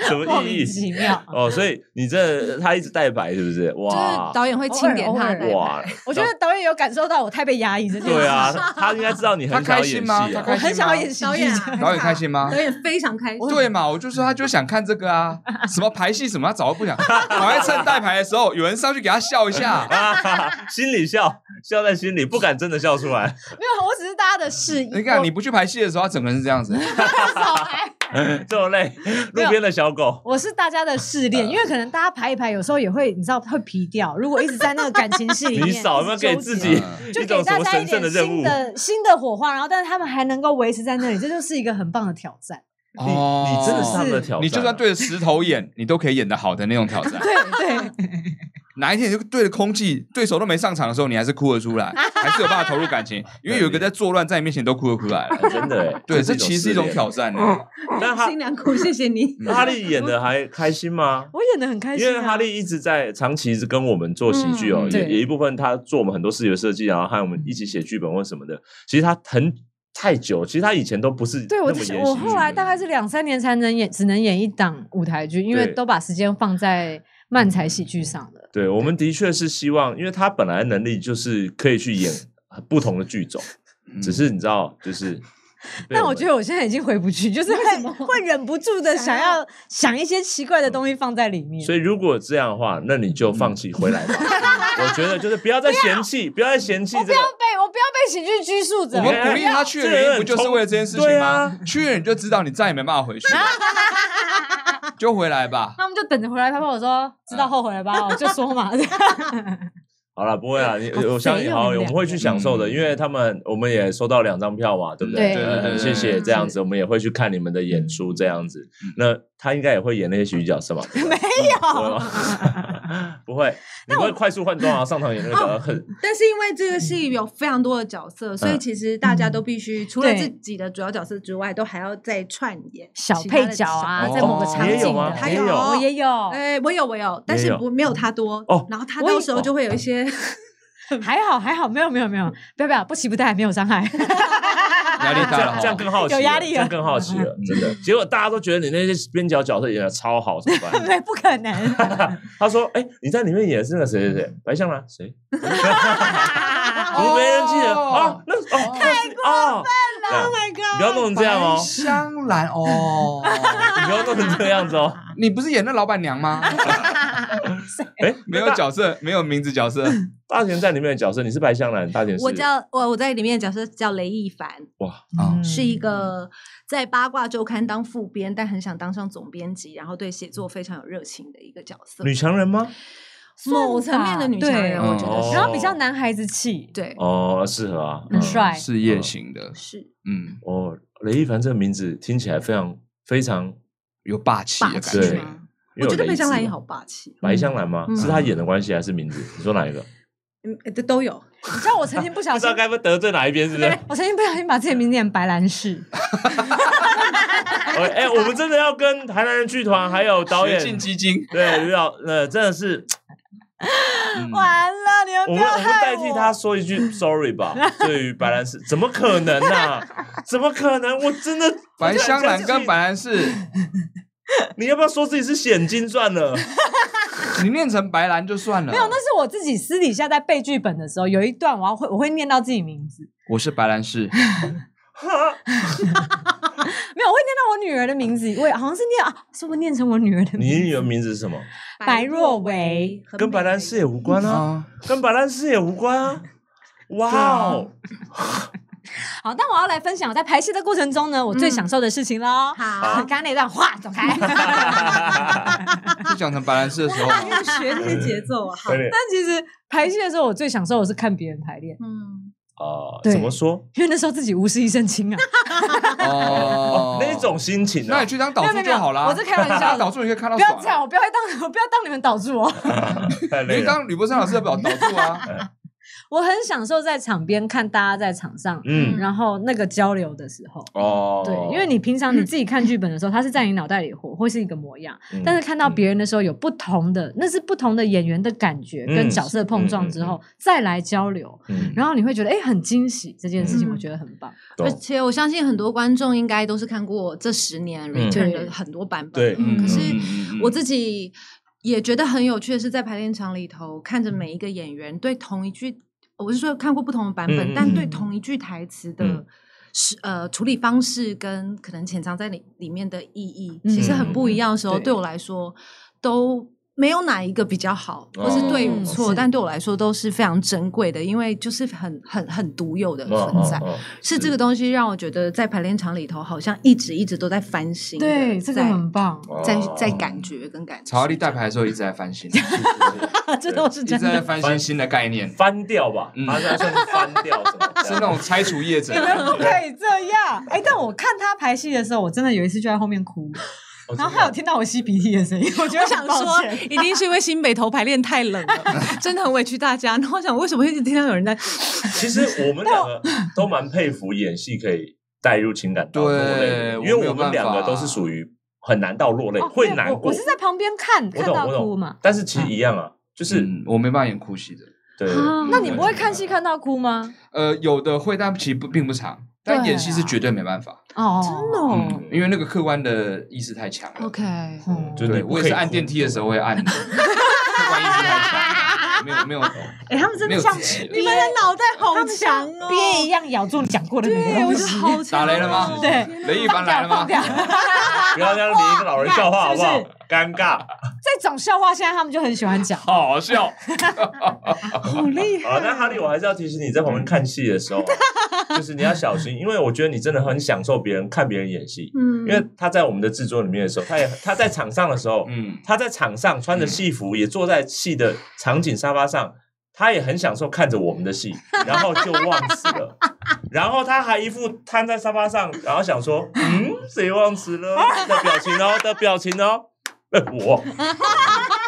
什麼意義？奇妙哦，所以你這他一直代牌是不是？哇！就是、導演會欽點他的，哇！我覺得導演有感受到我太被壓抑這件事。對啊，他應該知道你很、啊。他開心嗎？我很想演戲。導演、啊，導演開心嗎？導演非常開心。對嘛？我就說他就想看這個啊！個啊 <laughs> 什麼排戲什麼，他早都不想。我 <laughs> 還趁帶牌的時候，有人上去給他笑一下， <laughs> <laughs> 心裡笑笑在心裡，不敢真的笑出來。 <laughs> 沒有，我只是大家的示你看，你不去排戲的時候，他整個人是這樣子？ <laughs> <laughs> 這麼累，路邊的小狗。我是大家的試煉， <laughs> 因為可能大家排一排，有時候也會你知道會皮掉。如果一直在那個感情戲裡面， <laughs> 你少有沒有給自己、嗯、就給大家一點新的，一種什麼神聖的任務新的火花，然後但是他們還能夠維持在那裡，這就是一個很棒的挑戰。 <laughs> 你你真的是他們的挑戰。你就算對着石頭演， <laughs> 你都可以演得好的那種挑戰。對 <laughs> <laughs> 對。對哪一天你就對着空氣，對手都沒上場的時候，你還是哭得出來，還是有辦法投入感情，因為有一個在作亂，在你面前都哭得出來了，真的。對，這其實是一種挑戰呢。 <laughs> 但用心良苦，謝謝你。嗯、哈利演得還開心嗎？我，我演得很開心，啊，因為哈利一直在長期是跟我們做喜劇哦，嗯、也有一部分他做我們很多視覺設計，然後還有我們一起寫劇本或什麼的。其實他很太久，其實他以前都不是這麼演喜劇的對我，就是，我後來大概是兩三年才能演，只能演一檔舞台劇，因為都把時間放在。漫才喜劇上的，對，我們的確是希望，因為他本來的能力就是可以去演不同的劇種、嗯，只是你知道，就是。但、嗯、我，我覺得我現在已經回不去，就是會忍不住的想要想一些奇怪的東西放在裡面。哎、所以如果這樣的話，那你就放棄回來吧、嗯。我覺得就是不要再嫌棄，不要，不要再嫌棄。我不要被我不要被喜劇拘束着。我們鼓勵他去的原因不就是為了這件事情嗎？啊、去了你就知道，你再也沒辦法回去了。 <laughs> 就回來吧，他們就等着回來。他跟我說，知道後悔了吧、啊？我就說嘛， <laughs> <laughs> 好了，不會了。你，我相信、喔，好，我們會去享受的。嗯、因為他們，我們也收到兩張票嘛、嗯，對不對？對對對，對，謝謝，這樣子，我們也會去看你們的演出，這樣子。嗯、那他應該也會演那些喜劇角色吧？ <laughs> 沒有。啊 <laughs> <laughs> 不會，那我你不會快速換裝啊，上場有，那個很。但是因為這個戲有非常多的角色、嗯，所以其實大家都必須除了自己的主要角色之外，嗯、都還要再串演小配角啊、哦，在某個場景的，哦有啊、他有也有，哎、欸，我有我有，但是不有沒有他多哦。然後他到有時候就會有一些，哦、 <laughs> 還好還好，沒有沒有，沒有，沒，有，沒，有沒有，不要不要，不期不待，沒有傷害。 <laughs> 壓力大、哦，這樣更好奇了有壓力了，這樣更好奇了，真的。結果大家都覺得你那些邊角角色演的超好，怎 <laughs> 麼辦樣？對 <laughs> 不可能。 <laughs> 他說：“哎、欸，你在裡面演是那個誰誰誰，白香蘭？誰？你沒人記得啊？那哦，太過分了、啊、！Oh my god！不要弄成這樣哦，香蘭哦，不要弄成這樣子哦。 <laughs> 你不是演那老板娘嗎？” <laughs> 哎， <laughs> 沒有角色， <laughs> 沒有名字。角色 <laughs> 大甜在裡面的角色，你是白香蘭，大甜。我叫我我在裡面的角色叫雷奕凡。哇，啊、嗯嗯，是一個在八卦週刊當副編，但很想當上總編輯，然後對寫作非常有熱情的一個角色。女強人嗎？某層面的女強人、嗯，我覺得是，是、哦。然後比較男孩子氣，對哦，適、哦、合啊，很帥，事、嗯、業型的，嗯是嗯，哦，雷奕凡這個名字聽起來非常非常有霸氣的感覺。我覺得白香蘭也好霸氣，嗯嗯。白香蘭嗎，嗯？是她演的關係，還是名字？你說哪一個嗯？嗯，都有。你知道我曾經不小心， <laughs> 啊、不知道該不得罪哪一邊，是不是？我曾經不小心把自己名字念白蘭氏。哈哈哈！哈哈！哈哈！哎，我們真的要跟台南人劇團、嗯、 <laughs> 還有導演雞精對要，呃，真的是、 <laughs> 嗯、完了，你們要我，我們我們代替他說一句 sorry 吧。 <laughs> 對於白蘭氏，怎麼可能呢、啊？怎麼可能？我真的白香蘭跟白蘭氏。你要不要說自己是險金算了？ <laughs> 你念成白蘭就算了。沒有，那是我自己私底下在背劇本的時候，有一段我要會我會念到自己名字。我是白蘭氏。 <laughs> <laughs> 沒有，我會念到我女兒的名字，我也好像是念啊，是不是念成我女兒的名字。你女兒名字是什麼？白若為，跟白蘭氏也無關啊。嗯、跟白蘭氏也無關啊。哇 <laughs> 哦 Wow！ <laughs> 好，但我要來分享在排戲的過程中呢、嗯，我最享受的事情嘍。好，剛、啊、剛那段話走開。 <laughs> <laughs> 就講成白蘭氏的時候，要學這些節奏啊 <laughs> 好。但其實排戲的時候，我最享受的是看別人排練。嗯，哦、呃，怎麼說？因為那時候自己無事一身輕啊 <laughs> 哦哦。哦，那種心情，啊。那你去當導助就好了。我是開玩笑，導助你可以看到。不要這樣，我不要當，我不要當你們導助哦。 <laughs> 因為當呂博山老師要不要導助啊。 <laughs> 嗯我很享受在場邊看大家在場上、嗯，然後那個交流的時候、嗯，對，因為你平常你自己看劇本的時候，嗯、它是在你腦袋裡活或是一個模樣、嗯，但是看到別人的時候有不同的，嗯、那是不同的演員的感覺、嗯、跟角色碰撞之後、嗯、再來交流、嗯，然後你會覺得哎很驚喜，這件事情我覺得很棒、嗯，而且我相信很多觀眾應該都是看過這十年《Re/turn》的很多版本、嗯嗯，可是我自己也覺得很有趣的是，在排練場裡頭看着每一個演員對同一句。我是說看過不同的版本，嗯嗯嗯但對同一句台詞的是、嗯嗯、呃處理方式跟可能潛藏在裡裡面的意義，嗯嗯其實很不一樣的時候，對我來說都。沒有哪一個比較好，或是對與錯、哦嗯，但對我來說都是非常珍貴的，因為就是很很很獨有的存在、哦哦哦。是這個東西讓我覺得在排練場裡頭好像一直一直都在翻新。對，這個很棒。哦、在在感覺跟感覺，曹力代排的時候一直在翻新、啊。 <laughs> 對 <laughs> 這都是這樣，一直在翻新新的概念，翻，翻掉吧，嗯馬上 <laughs> 算是翻掉， <laughs> 什麼是那種拆除業者。你們不可以這樣。哎、欸，但我看他排戲的時候，我真的有一次就在後面哭。Oh, 然後還有聽到我吸鼻涕的聲音， <laughs> 我就想說，一定是因為新北投排練太冷了， <laughs> 真的很委屈大家。然後我想，為什麼一直聽到有人在？ <laughs> 其實我們兩個都蠻佩服演戲可以帶入情感 <laughs> 對、對淚，因為我們兩個都是屬於很難到落淚、啊，會難過。我，我是在旁邊看看到哭嘛，但是其實一樣啊，啊就是我沒辦法演哭戲的。對，那你不會看戲看、啊、看、看到哭嗎？呃，有的會，但其實不並不常。但演戲是絕對沒辦法、啊嗯、哦，真的，因為那個客觀的意識太強了、嗯嗯、了。OK，、嗯、就對我也是按電梯的時候會按， <laughs> 客觀意識太強沒有沒有。哎、欸，他們真的像你們的腦袋好強哦，憋、哦、一樣咬住講過的那個東西、哦個東西我好哦。打雷了嗎？對，雷一凡來了嗎？ <laughs> <laughs> <laughs> <laughs> <laughs> <laughs> <laughs> 是不要讓你一個老人笑話好不好？尷尬， <laughs> 在講笑話，現在他們就很喜歡講，好，好笑。好 <laughs> 厲害。哦那，哈利，我還是要提醒你在旁邊看戲的時候、啊嗯，就是你要小心，因為我覺得你真的很享受別人看別人演戲。嗯，因為他在我們的制作裡面的時候，他也他在場上的時候，嗯，他在場上穿着戲服、嗯，也坐在戲的場景沙發上，嗯，他也很享受看着我們的戲，然後就忘詞了， <laughs> 然後他還一副癱在沙發上，然後想說，嗯，誰忘詞了？ <laughs> 的表情哦，的表情哦。呃、欸，我，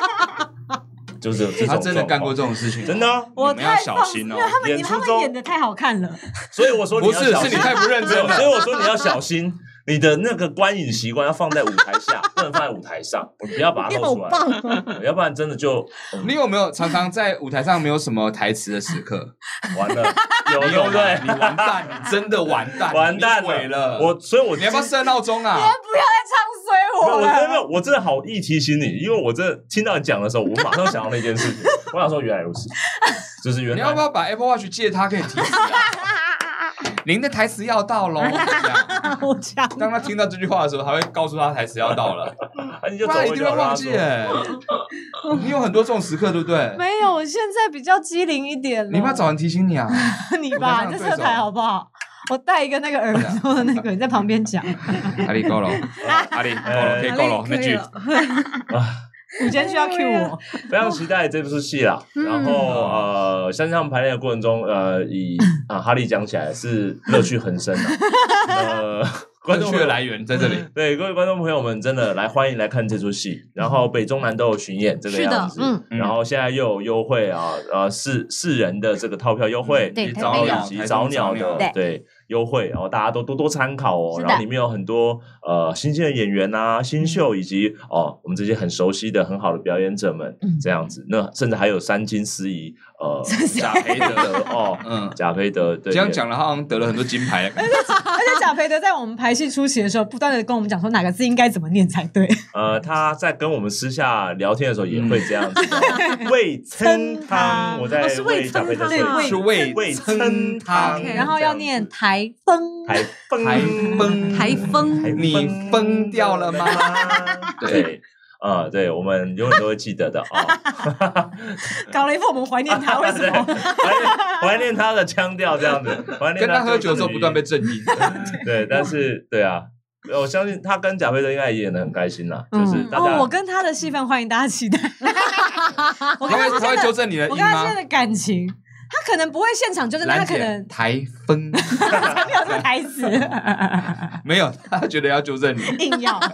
<laughs> 就是他真的幹過這種事情、喔，真的，啊，我們要小心哦，喔。演出中你們們演得太好看了，所以我說不是，是你太不認真了，所以我說你要小心。 <laughs> 你的那個觀影習慣要放在舞台下， <laughs> 不能放在舞台上。 <laughs> 我不要把它露出來，啊、 <laughs> 要不然真的就、嗯……你有沒有常常在舞台上沒有什麼台詞的時刻？完了， <laughs> 有有對，對，你完蛋， <laughs> 你真的完蛋， <laughs> 完蛋毀了，蛋了，蛋了我。所以我，我你要不要設鬧鐘啊？不要再唱衰我了。 <laughs> 我真的，我真的好意提醒你，因為我真的聽到你講的時候，我馬上想到那件事情。 <laughs> 我想說，原來如此，就是原來你要不要把，把 Apple Watch 借他給你提醒、啊？ <laughs> 您的台詞要到嘍，當他聽到這句話的時候，他會告訴他台詞要到了， <laughs> 不然一定會忘記、欸。哎， <laughs> 你有很多這種時刻，對不對？ <laughs> 沒有，我現在比較機靈一點。你爸找人提醒你啊？ <laughs> 你吧，你上這台好不好？我帶一個那個耳朵的那個， <laughs> 你在旁邊講。 <laughs> 阿里夠了，阿里夠了，可以夠了，那句。 <laughs> 你今天需要 cue 我，oh yeah. 非常期待這部戲啦。Oh. 然後呃，相信，他們排練的過程中，呃，以 <laughs> 啊哈利講起來是樂趣橫生的，啊。 <laughs> 呃 <laughs> 觀眾的來源在這裡，嗯、對各位觀眾朋友們，真的來 <laughs> 歡迎來看這出戲。然後北中南都有巡演，這個樣子，嗯。然後現在又有優惠啊，呃，四四人的這個套票優惠、嗯，對，早鳥，以及早、鳥早鳥的，對優惠，然後大家都多多參考哦。然後裡面有很多呃，新鮮的演員啊，新秀，以及哦、呃，我們這些很熟悉的、很好的表演者們，嗯、這樣子。那甚至還有三金司儀，呃，賈 <laughs> 培德、德哦，嗯，賈培德，對這樣講的話好像得了很多金牌。 <laughs> <laughs> 而且賈培德在我們排戲初期的時候，不斷的跟我們講說哪個字應該怎麼念才對。呃，他在跟我們私下聊天的時候也會這樣子。味噌湯。 <laughs> 春堂 <laughs> 我在喂，我、哦、是噌湯。對，是味味噌湯。OK，然後要念台風，台風，台風，台風台風你瘋掉了嗎？ <laughs> 對。啊、嗯，對我們永遠都會記得的啊！哦、 <laughs> 搞了一副我們懷念他，為什麼？懷 <laughs> 念,念他的腔調這樣子，懷念他 <laughs> 跟他喝酒的時候不斷被正音。 <laughs> 對，對但是對啊，我相信他跟賈培德應該也演得很開心啦，嗯、就是大家哦，我跟他的戲份，歡迎大家期待。 <laughs> 我跟他, <laughs> 他會他會糾正你的，我跟他之間的感情，他可能不會現場糾正，他可能台。分 <noise> <laughs> 沒有開始，沒有他覺得要糾正你，一 <laughs> 定硬要。 <laughs>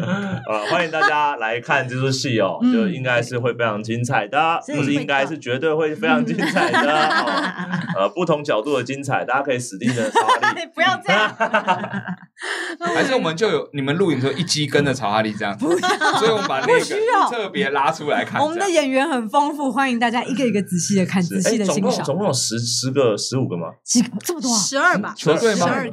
呃，歡迎大家來看這出戲哦、嗯，就應該是會非常精彩的，不是應該是絕對會非常精彩的。嗯、 <laughs> 呃，不同角度的精彩，大家可以死盯着曹哈利。 <laughs> <laughs> 你不要這樣。 <laughs> <laughs> 還是我們就有你們錄影的時候，一機跟着曹哈利這樣 <laughs> 所以我們把那個不需要特別拉出來看。 <laughs> 我們的演員很豐富，歡迎大家一個一個仔細的看，仔細的欣賞。總共有十 <laughs> 十個，十個，十五個嗎？幾這麼多？十二吧，球隊十二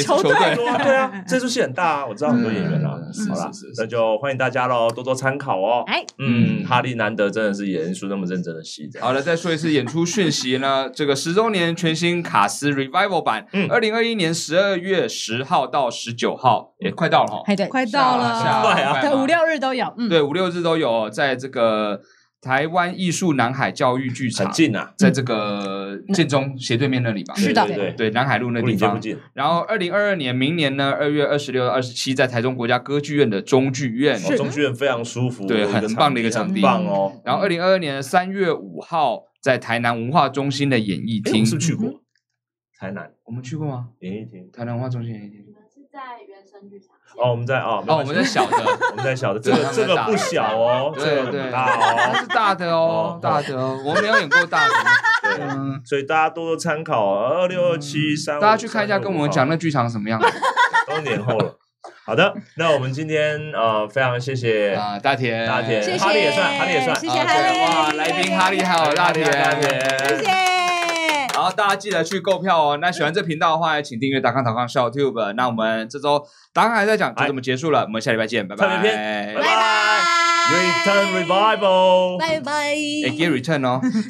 球隊，對啊。 <laughs> 這出戲很大啊，我知道很多演員啊、嗯、好啦，是是是是，那就歡迎大家嘍，多多參考哦、哎。嗯，哈利難得真的是演出那麼認真的戲。好了，再說一次演出訊息呢？ <laughs> 這個十週年全新卡司 Revival 版，嗯，二零二一年十二月十號到十九號，也快到了哈、哦，快到了，對，啊、五六日都有，嗯，對，五六日都有，在這個。台灣藝術南海教育劇場、很近啊、在這個建中斜對面那裡吧。對對對，對南海路那地方。不不然後，二零二二年明年呢，二月二十六、二十七，在台中國家歌劇院的中劇院，哦、中劇院非常舒服，對，很棒的一個場地，很棒哦。然後，二零二二年三月五號，在台南文化中心的演藝廳，我、欸、們是，是去過、嗯、台南，我們去過嗎？演藝廳，台南文化中心演藝廳。欸在原生劇場哦，我們在哦，哦，我們在小的， <laughs> 我們在小的，這個、這個不小哦 <laughs> 對對對，這個很大哦，是大的哦， <laughs> 大的哦， <laughs> 我們沒有演過大的，對， <laughs> 對，所以大家多多參考二、哦、 <laughs> 六二七三、嗯，大家去看一下，跟我們講那劇場什麼樣子， <laughs> 都年後了， <laughs> 好的，那我們今天呃，非常謝謝啊，大甜大甜謝謝，哈利也算，哈利也算啊，哇，來賓哈利還有、啊、大甜大甜，謝謝。然後大家記得去購票哦。那喜歡這頻道的話，也請訂閱達康達康小 YouTube。那我們這週達康還在講，就這麼結束了、哎。我們下禮拜見，拜拜。特別篇拜拜。Return Revival，拜拜。a、欸、get Return 哦。 <laughs>